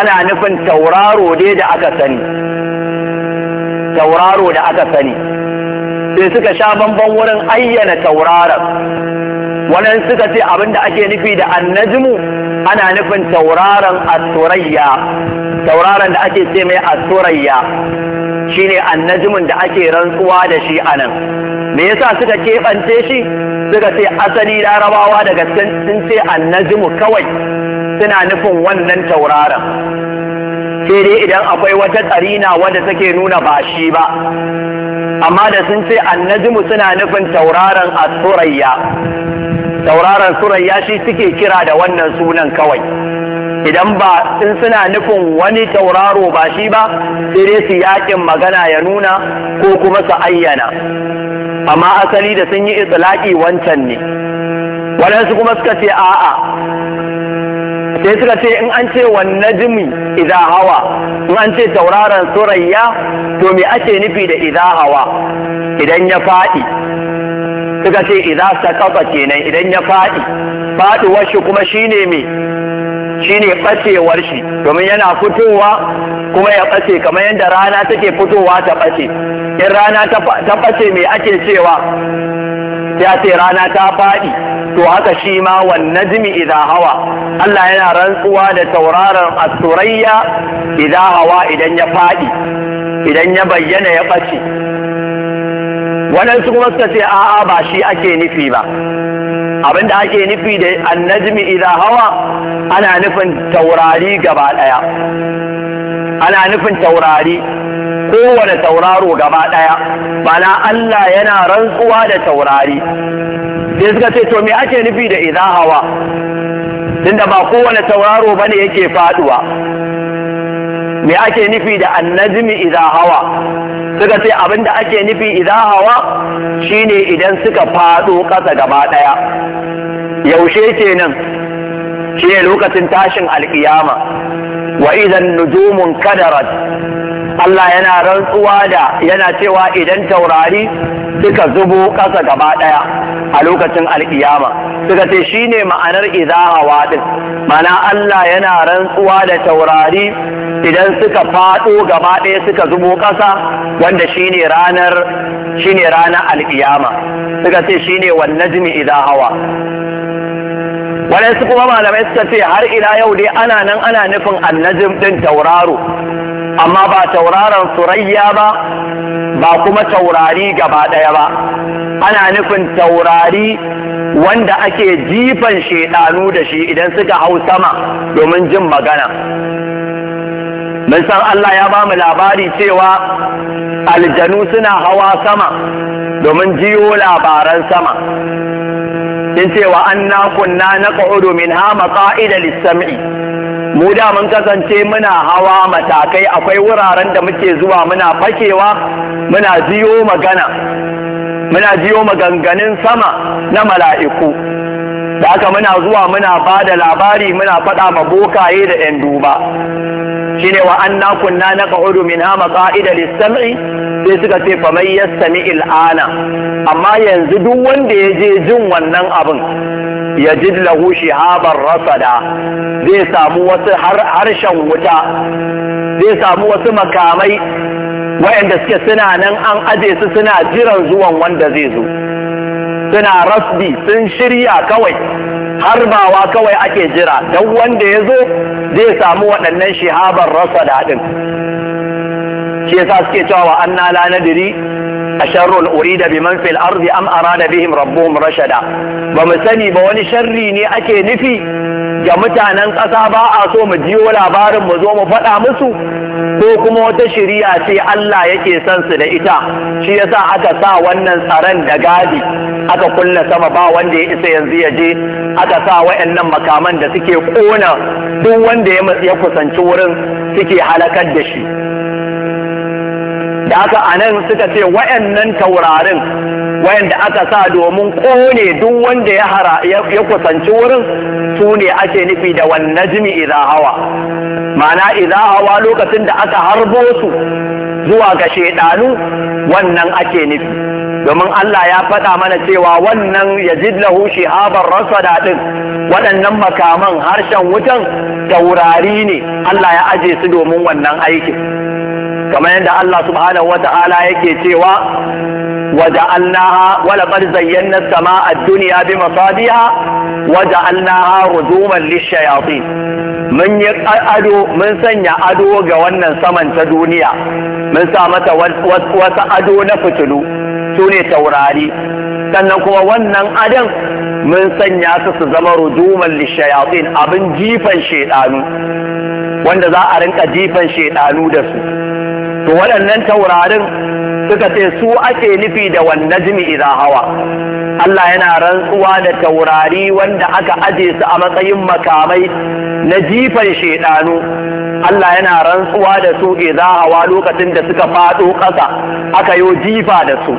ana nufin tauraro dai da aka sani tauraro da aka sani sai suka sha bamban wurin ayyana tauraron waɗansu suka ce abin da ake nufi da annajmu ana nufin tauraron asurayya tauraron da ake ce mai asurayya shine annajimin da ake rantsuwa da shi anan me yasa suka keɓance shi suka ce asali larabawa daga sun ce annajimu kawai suna nufin wannan tauraron sai dai idan akwai wata tsarina wanda take nuna ba shi ba amma da sun ce annajimu suna nufin tauraron a asurayya tauraron surayya shi suke kira da wannan sunan kawai idan ba in suna nufin wani tauraro ba shi ba sai dai su yakin magana ya nuna ko kuma su ayyana amma asali da sun yi itsilaki wancan ne waɗansu kuma suka ce a'a sai suka ce in an ce wa jimi idza hawa in an ce tauraron surayya to me ake nufi da idza hawa idan ya faɗi suka ce idza saqata kenan idan ya faɗi faɗi washi kuma shine me shine ɓacewar shi domin yana fitowa kuma ya ɓace kamar yadda rana take fitowa ta ɓace in rana ta ɓace mai ake cewa ya ce rana ta faɗi to haka shi ma wannan jimi idza hawa Allah yana rantsuwa da tauraron asturayya idza hawa idan ya faɗi idan ya bayyana ya ɓace waɗansu kuma suka ce a'a ba shi ake nufi ba abinda ake nufi da annajmi idan hawa ana nufin taurari gaba ɗaya ana nufin taurari kowane tauraro gaba ɗaya Allah yana rantsuwa da taurari sai suka ce to me ake nufi da idan hawa tunda ba kowane tauraro bane yake faduwa me ake nufi da annajmi iza hawa suka ce abin da ake nufi idan hawa shine idan suka fado ƙasa gaba ɗaya yaushe kenan shi lokacin tashin alkiyama wa idan nujumun kadarat Allah yana rantsuwa da yana cewa idan taurari suka zubo ƙasa gaba ɗaya a lokacin alkiyama suka ce shine ma'anar izahawa ɗin mana Allah yana rantsuwa da taurari idan suka faɗo gaba ɗaya suka zubo ƙasa wanda shine ranar shi ranar alkiyama suka ce shine ne wannan jimi izahawa su kuma malamai suka ce har ila yau dai ana nan ana nufin annajim ɗin tauraro amma ba tauraron surayya ba ba kuma taurari gaba ɗaya ba ana nufin taurari wanda ake jifan shaidanu da shi idan suka hau sama domin jin magana mun san Allah ya ba mu labari cewa aljanu suna hawa sama domin jiyo labaran sama sun cewa anna kunna naq'udu min hama ƙa'ida sami mu da mun kasance muna hawa matakai akwai wuraren da muke zuwa muna fakewa muna jiyo magana muna jiyo maganganun sama na mala'iku da aka muna zuwa muna ba da labari muna faɗa ma bokaye da ‘yan duba shi ne wa an na kunna na ƙa'udu min hama ƙa'ida sai suka ce fa mai yassami il'ana amma yanzu duk wanda ya je jin wannan abin ya ji lahu shihabar rasada zai samu wasu harshen wuta zai samu wasu makamai wayanda suke suna nan an aje su suna jiran zuwan wanda zai zo suna rasbi sun shirya kawai harbawa kawai ake jira don wanda ya zo zai samu waɗannan shihabar rasa daɗin shi yasa suke cewa wa anna la nadiri a sharrun urida bi man fil ardi am arada bihim rabbuhum rashada ba mu sani ba wani sharri ne ake nufi ga mutanen ƙasa ba a so mu jiyo labarin mu zo mu faɗa musu ko kuma wata shiriya ce Allah yake son su da ita shi yasa aka sa wannan tsaron da gadi aka kulle sama ba wanda ya isa yanzu ya je aka sa wayannan makaman da suke kona duk wanda ya kusanci wurin suke halakar da shi da aka anan suka ce wayannan taurarin wayanda aka sa domin kone duk wanda ya hara ya kusanci wurin su ne ake nufi da wannan jimi izahawa. hawa ma'ana idza lokacin da aka harbo su zuwa ga shedanu wannan ake nufi domin Allah ya faɗa mana cewa wannan ya yazid lahu shihabar rasada daɗin, waɗannan makaman harshen wutan taurari ne Allah ya aje su domin wannan aikin kamar yadda Allah subhanahu wata'ala yake cewa waja'alnaha wa laqad zayyana as-samaa'a ad-dunya bi masabiha waja'alnaha rujuman lish-shayatin mun yi ado mun sanya ado ga wannan saman ta duniya mun sa mata wata ado na fitilu sune taurari sannan kuma wannan adon mun sanya su su zama rujuman lishayatin abin jifan shedanu wanda za a rinka jifan shedanu da su to waɗannan taurarin suka ce su ake nufi da wan jimi idan hawa Allah yana rantsuwa da taurari wanda aka aje su a matsayin makamai na jifan shedanu Allah yana rantsuwa da su idan hawa lokacin da suka faɗo ƙasa aka yi jifa da su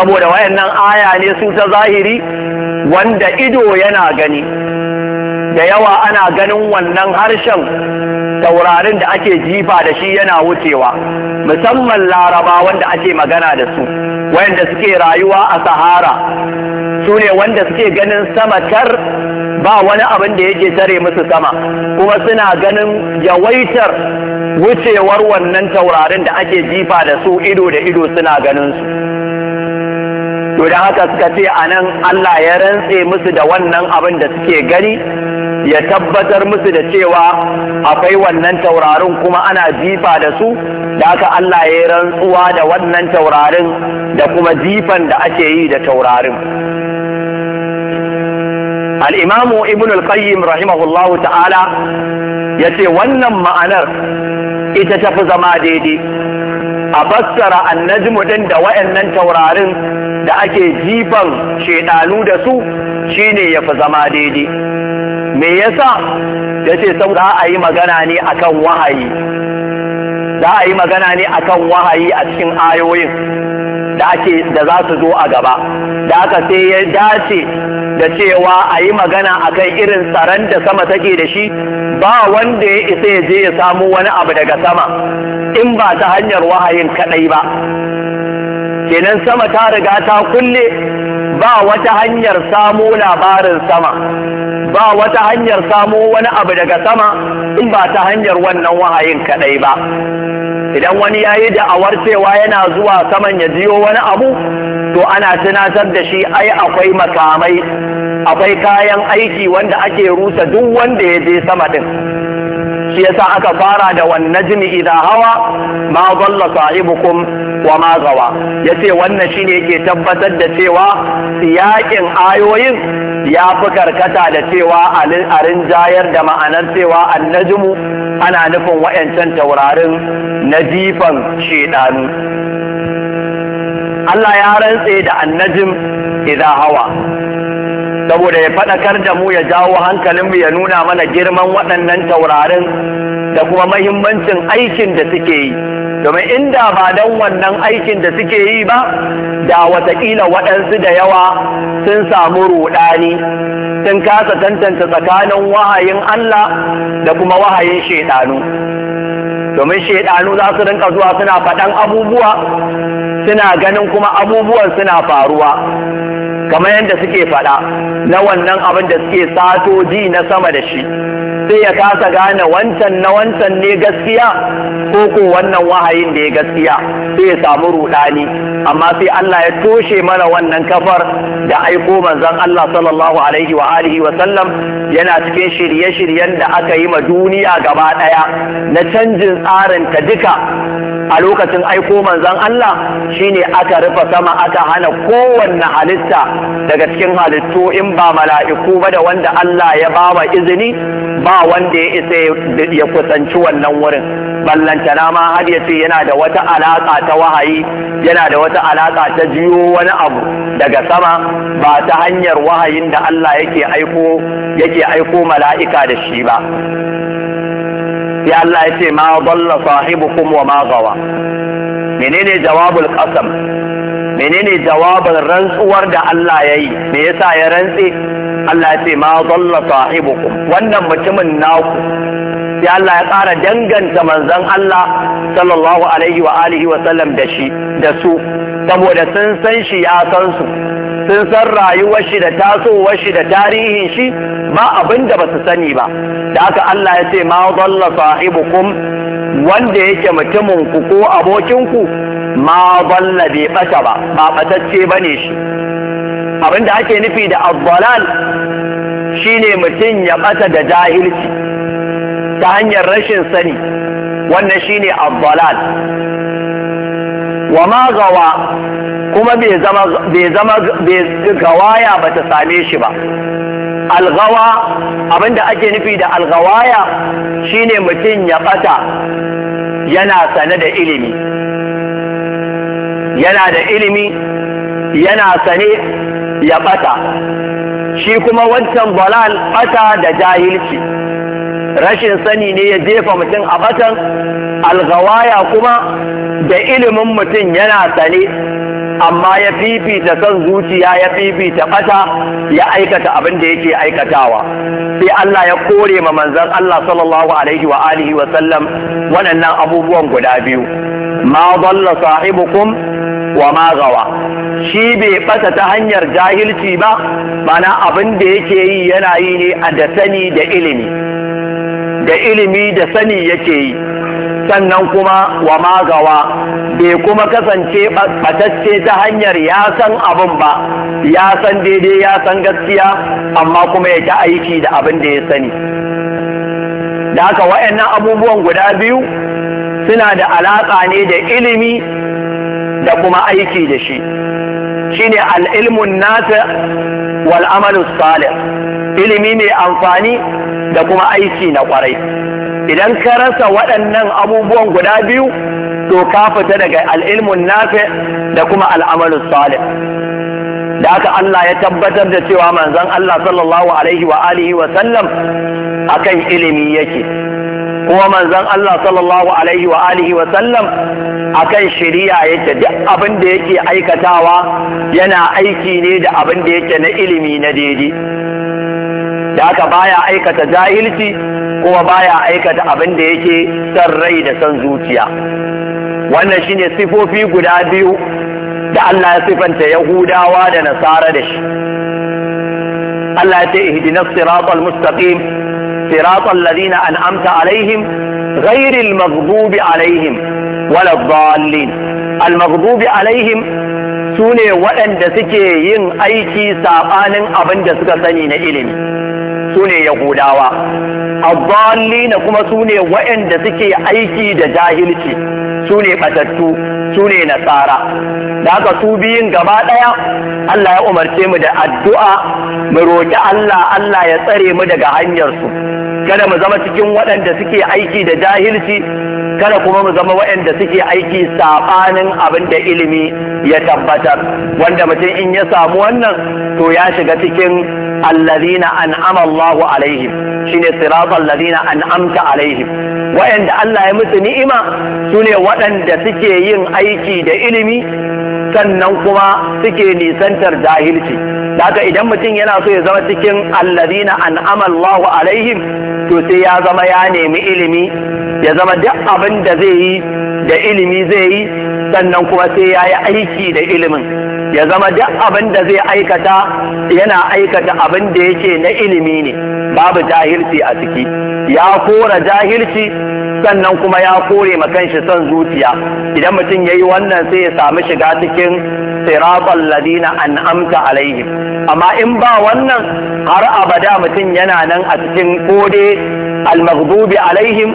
saboda wayannan aya ne su ta zahiri wanda ido yana gani da yawa ana ganin wannan harshen taurarin da ake jifa da shi yana wucewa musamman laraba wanda ake magana da su wayanda suke rayuwa a sahara su ne wanda suke ganin sama tar ba wani abin da yake tare musu sama kuma suna ganin yawaitar wucewar wannan taurarin da ake jifa da su ido da ido suna ganin su to da haka suka ce a nan Allah ya rantse musu da wannan abin da suke gani ya tabbatar musu da cewa akwai wannan taurarin kuma ana jifa da su da haka Allah ya yi rantsuwa da wannan taurarin da kuma jifan da ake yi da taurarin al'imamu ibn al-qayyim rahimahullahu ta'ala ya ce wannan ma'anar ita tafi zama daidai a fassara annajmu din da wayannan taurarin da ake jifan shaiɗanu da su shine yafi zama daidai me yasa yace saboda a yi magana ne akan wahayi za a yi magana ne akan wahayi a cikin ayoyin da ake da za su zo a gaba da aka sai ya dace da cewa a yi magana akan irin tsaron da sama take da shi ba wanda ya isa ya je ya samu wani abu daga sama in ba ta hanyar wahayin kaɗai ba kenan sama ta riga ta kulle ba wata hanyar samu labarin sama ba wata hanyar samo wani abu daga sama in ba ta hanyar wannan wahayin kaɗai ba idan wani ya yi da'awar cewa yana zuwa saman ya jiyo wani abu to ana tunatar da shi ai akwai makamai akwai kayan aiki wanda ake rusa duk wanda ya je sama ɗin. shi yasa aka fara da wannan jini idan hawa ma zalla sahibukum wa ma gawa yace wannan shine ke tabbatar da cewa yaƙin ayoyin ya fi karkata da cewa a rinjayar da ma'anar cewa annajimu ana nufin wa'yancan taurarin na jifan shedanu Allah ya rantse da annajim idan hawa saboda ya faɗakar da mu ya jawo hankalinmu ya nuna mana girman waɗannan taurarin da kuma mahimmancin aikin da suke yi domin inda ba don wannan aikin da suke yi ba da watakila waɗansu da yawa sun samu ruɗani sun kasa tantance tsakanin wahayin Allah da kuma wahayin shaidanu domin shaidanu za su rinka zuwa suna faɗan abubuwa suna ganin kuma abubuwan suna faruwa kamar yadda suke faɗa na wannan abin da suke sato ji na sama da shi sai ya kasa gane wancan na wancan ne gaskiya ko ko wannan wahayin da ya gaskiya sai ya samu rudani amma sai Allah ya toshe mana wannan kafar da aiko manzon Allah sallallahu alaihi wa alihi wa sallam yana cikin shirye-shiryen da aka yi ma duniya gaba daya na canjin tsarin ta duka a lokacin aiko manzon Allah shine aka rufe sama aka hana kowanne halitta daga cikin halittu in ba mala'iku ba da wanda Allah ya bawa izini ba wanda ya isa ya kusanci wannan wurin ballantana ma har ya ce yana da wata alaƙa ta wahayi yana da wata alaƙa ta jiyo wani abu daga sama ba ta hanyar wahayin da Allah yake aiko yake aiko mala'ika da shi ba sai Allah ya ce ma dalla sahibukum wa ma gawa menene jawabul qasam menene jawabin rantsuwar da Allah ya yi me yasa ya rantse Allah ya ce ma dalla sahibukum wannan mutumin naku sai Allah ya ƙara danganta manzon Allah sallallahu alaihi wa alihi wa sallam da shi da su saboda sun san shi ya san su sun san rayuwar shi da tasowar shi da tarihin shi ba abin da basu sani ba da haka Allah ya ce ma dalla sahibukum wanda yake mutumin ku ko abokin ku ma zalla bai bata ba ba batacce bane shi abinda ake nufi da shi ne mutum ya bata da jahilci ta hanyar rashin sani wannan shine abdalal wa ma gawa kuma bai zama bai zama bai bata same shi ba algawa abinda ake nufi da algawaya shine mutum ya bata yana sane da ilimi yana da ilimi yana sane ya bata shi kuma wancan balal bata da jahilci rashin sani ne ya jefa mutum a batan algawaya kuma da ilimin mutum yana sane amma ya fifita son zuciya ya fifita bata ya aikata abin da yake aikatawa sai Allah ya kore ma manzon Allah sallallahu alaihi wa alihi wa sallam waɗannan abubuwan guda biyu ma dalla sahibukum wa magawa shi bai bata ta hanyar jahilci ba mana abin da yake yi yana yi ne a da sani da ilimi da ilimi da sani yake yi sannan kuma wa magawa bai kuma kasance batacce ta hanyar ya san abin ba ya san daidai ya san gaskiya amma kuma ya ta aiki da abin da ya sani da haka wa'annan abubuwan guda biyu suna da alaƙa ne da ilimi da kuma aiki da shi shine al-ilmun nafi wal salih ilimi mai amfani da kuma aiki na kwarai idan ka rasa waɗannan abubuwan guda biyu to ka fita daga al'ilmun ilmun nafi da kuma al'amalu salih da aka Allah ya tabbatar da cewa manzon Allah sallallahu alaihi wa alihi wa sallam akan ilimi yake kuma manzon Allah sallallahu alaihi wa alihi wa sallam akan shari'a yake duk abin da yake aikatawa yana aiki ne da abin da yake na ilimi na daidai da haka baya aikata jahilci kuma baya aikata abin da yake san rai da san zuciya wannan shine sifofi guda biyu da Allah ya sifanta Yahudawa da Nasara da shi Allah ya ce ihdinas siratal mustaqim صراط الذين alaihim Gairil Makdubi المغضوب عليهم ولا الضالين المغضوب عليهم sune waɗanda suke yin aiki saɓanin abin da suka sani na ilimi sune yahudawa azzallina kuma sune waɗanda suke aiki da jahilci sune batattu sune nasara da haka su biyun gaba ɗaya Allah ya umarce mu da addu'a mu roƙi Allah Allah ya tsare mu daga hanyarsu kada mu zama cikin waɗanda suke aiki da jahilci kada kuma mu zama waɗanda suke aiki saɓanin abin da ilimi ya tabbatar wanda mutum in ya samu wannan to ya shiga cikin allazina an'ama Allahu alaihim shine siratal ladina an'amta alaihim waɗanda Allah ya musu ni'ima sune waɗanda suke yin aiki da ilimi sannan kuma suke nisantar jahilci daga idan mutum yana so ya zama cikin allazina an'ama Allahu alaihim to sai ya zama ya nemi ilimi ya zama duk abin da zai yi da ilimi zai yi sannan kuma sai ya yi aiki da ilimin ya zama duk abin da zai aikata yana aikata abin da yake na ilimi ne babu jahilci a ciki ya kora jahilci sannan kuma ya kore ma kanshi son zuciya idan mutum yayi wannan sai ya samu shiga cikin siratal ladina an'amta alaihim amma in ba wannan har abada mutum yana nan a cikin kode almaghdubi alaihim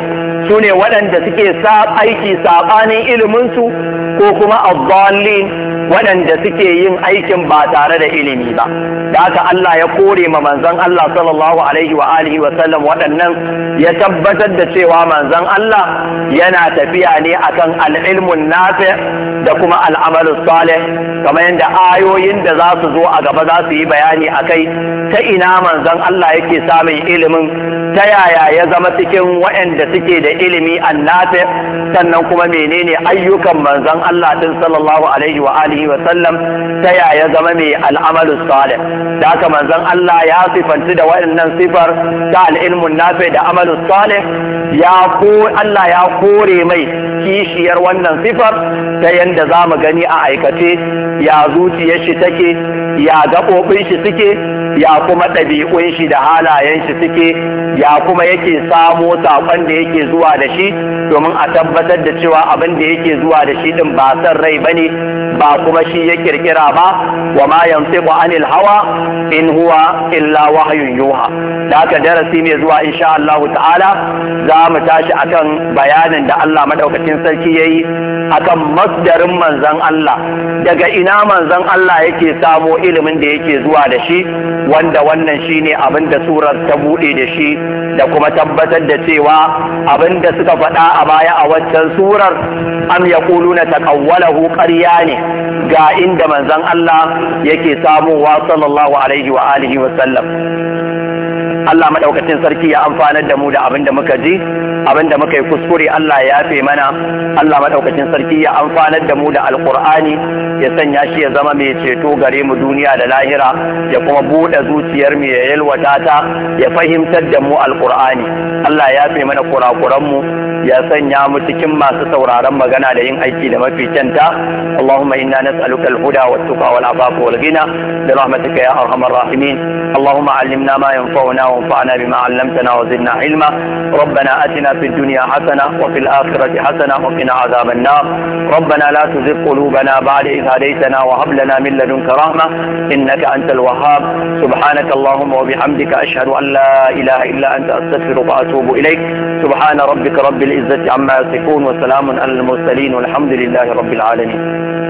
sune waɗanda suke aiki sabanin iliminsu ko kuma abdallin waɗanda suke yin aikin ba tare da ilimi ba da haka Allah ya kore ma manzon Allah sallallahu alaihi wa alihi wa sallam waɗannan ya tabbatar da cewa manzon Allah yana tafiya ne akan al-ilmun nafi da kuma al-amalus salih kamar yadda ayoyin da za su zo a gaba za su yi bayani akai ta ina manzon Allah yake samun ilimin ta yaya ya zama cikin waɗanda suke da ilimi annafi sannan kuma menene ayyukan manzon Allah din sallallahu alaihi wa alihi alihi wa sallam ta yaya zama mai al'amalu salih da haka manzon Allah ya sifanci da waɗannan sifar ta al'ilmun nafi da amalu salih ya ko Allah ya kore mai kishiyar wannan sifar ta yanda za mu gani a aikace ya zuciyar shi take ya gaɓoɓin shi suke ya kuma ɗabi'un shi da halayen shi suke ya kuma yake samo saƙon da yake zuwa da shi domin a tabbatar da cewa abin da yake zuwa da shi din ba san rai ba ne? ba kuma shi ya ƙirƙira ba wa ma yantiqu anil hawa in huwa illa wahyun yuha da haka darasi mai zuwa insha Allah ta'ala za mu tashi akan bayanin da Allah madaukakin sarki yayi akan masdarin manzon Allah daga ina manzon Allah yake samo ilimin da yake zuwa da shi wanda wannan shine abin da surar ta bude da shi da kuma tabbatar da cewa abin da suka faɗa a baya a waccan surar am na taƙawwala ƙarya ne ga inda manzon Allah yake samowa sallallahu alaihi wa alihi wa sallam Allah madaukakin sarki ya amfanar da mu da abin da muka ji abin da muka yi kuskure Allah ya yafe mana Allah madaukakin sarki ya amfanar da mu da alqur'ani ya sanya shi ya zama mai ceto gare mu duniya da lahira ya kuma bude zuciyar mu ya yalwata ta ya fahimtar da mu alqur'ani Allah ya yafe mana kurakuran mu ya sanya mu cikin masu sauraron magana da yin aiki da mafi kyanta Allahumma inna nas'aluka al-huda wat-tuqa wal-afafa wal-ghina bi rahmatika ya arhamar rahimin Allahumma allimna ma yanfa'una وانفعنا بما علمتنا وزدنا علما ربنا أتنا في الدنيا حسنة وفي الآخرة حسنة وقنا عذاب النار ربنا لا تزغ قلوبنا بعد إذ هديتنا وهب لنا من لدنك رحمة إنك أنت الوهاب سبحانك اللهم وبحمدك أشهد أن لا إله إلا أنت أستغفرك وأتوب إليك سبحان ربك رب العزة عما يصفون وسلام على المرسلين والحمد لله رب العالمين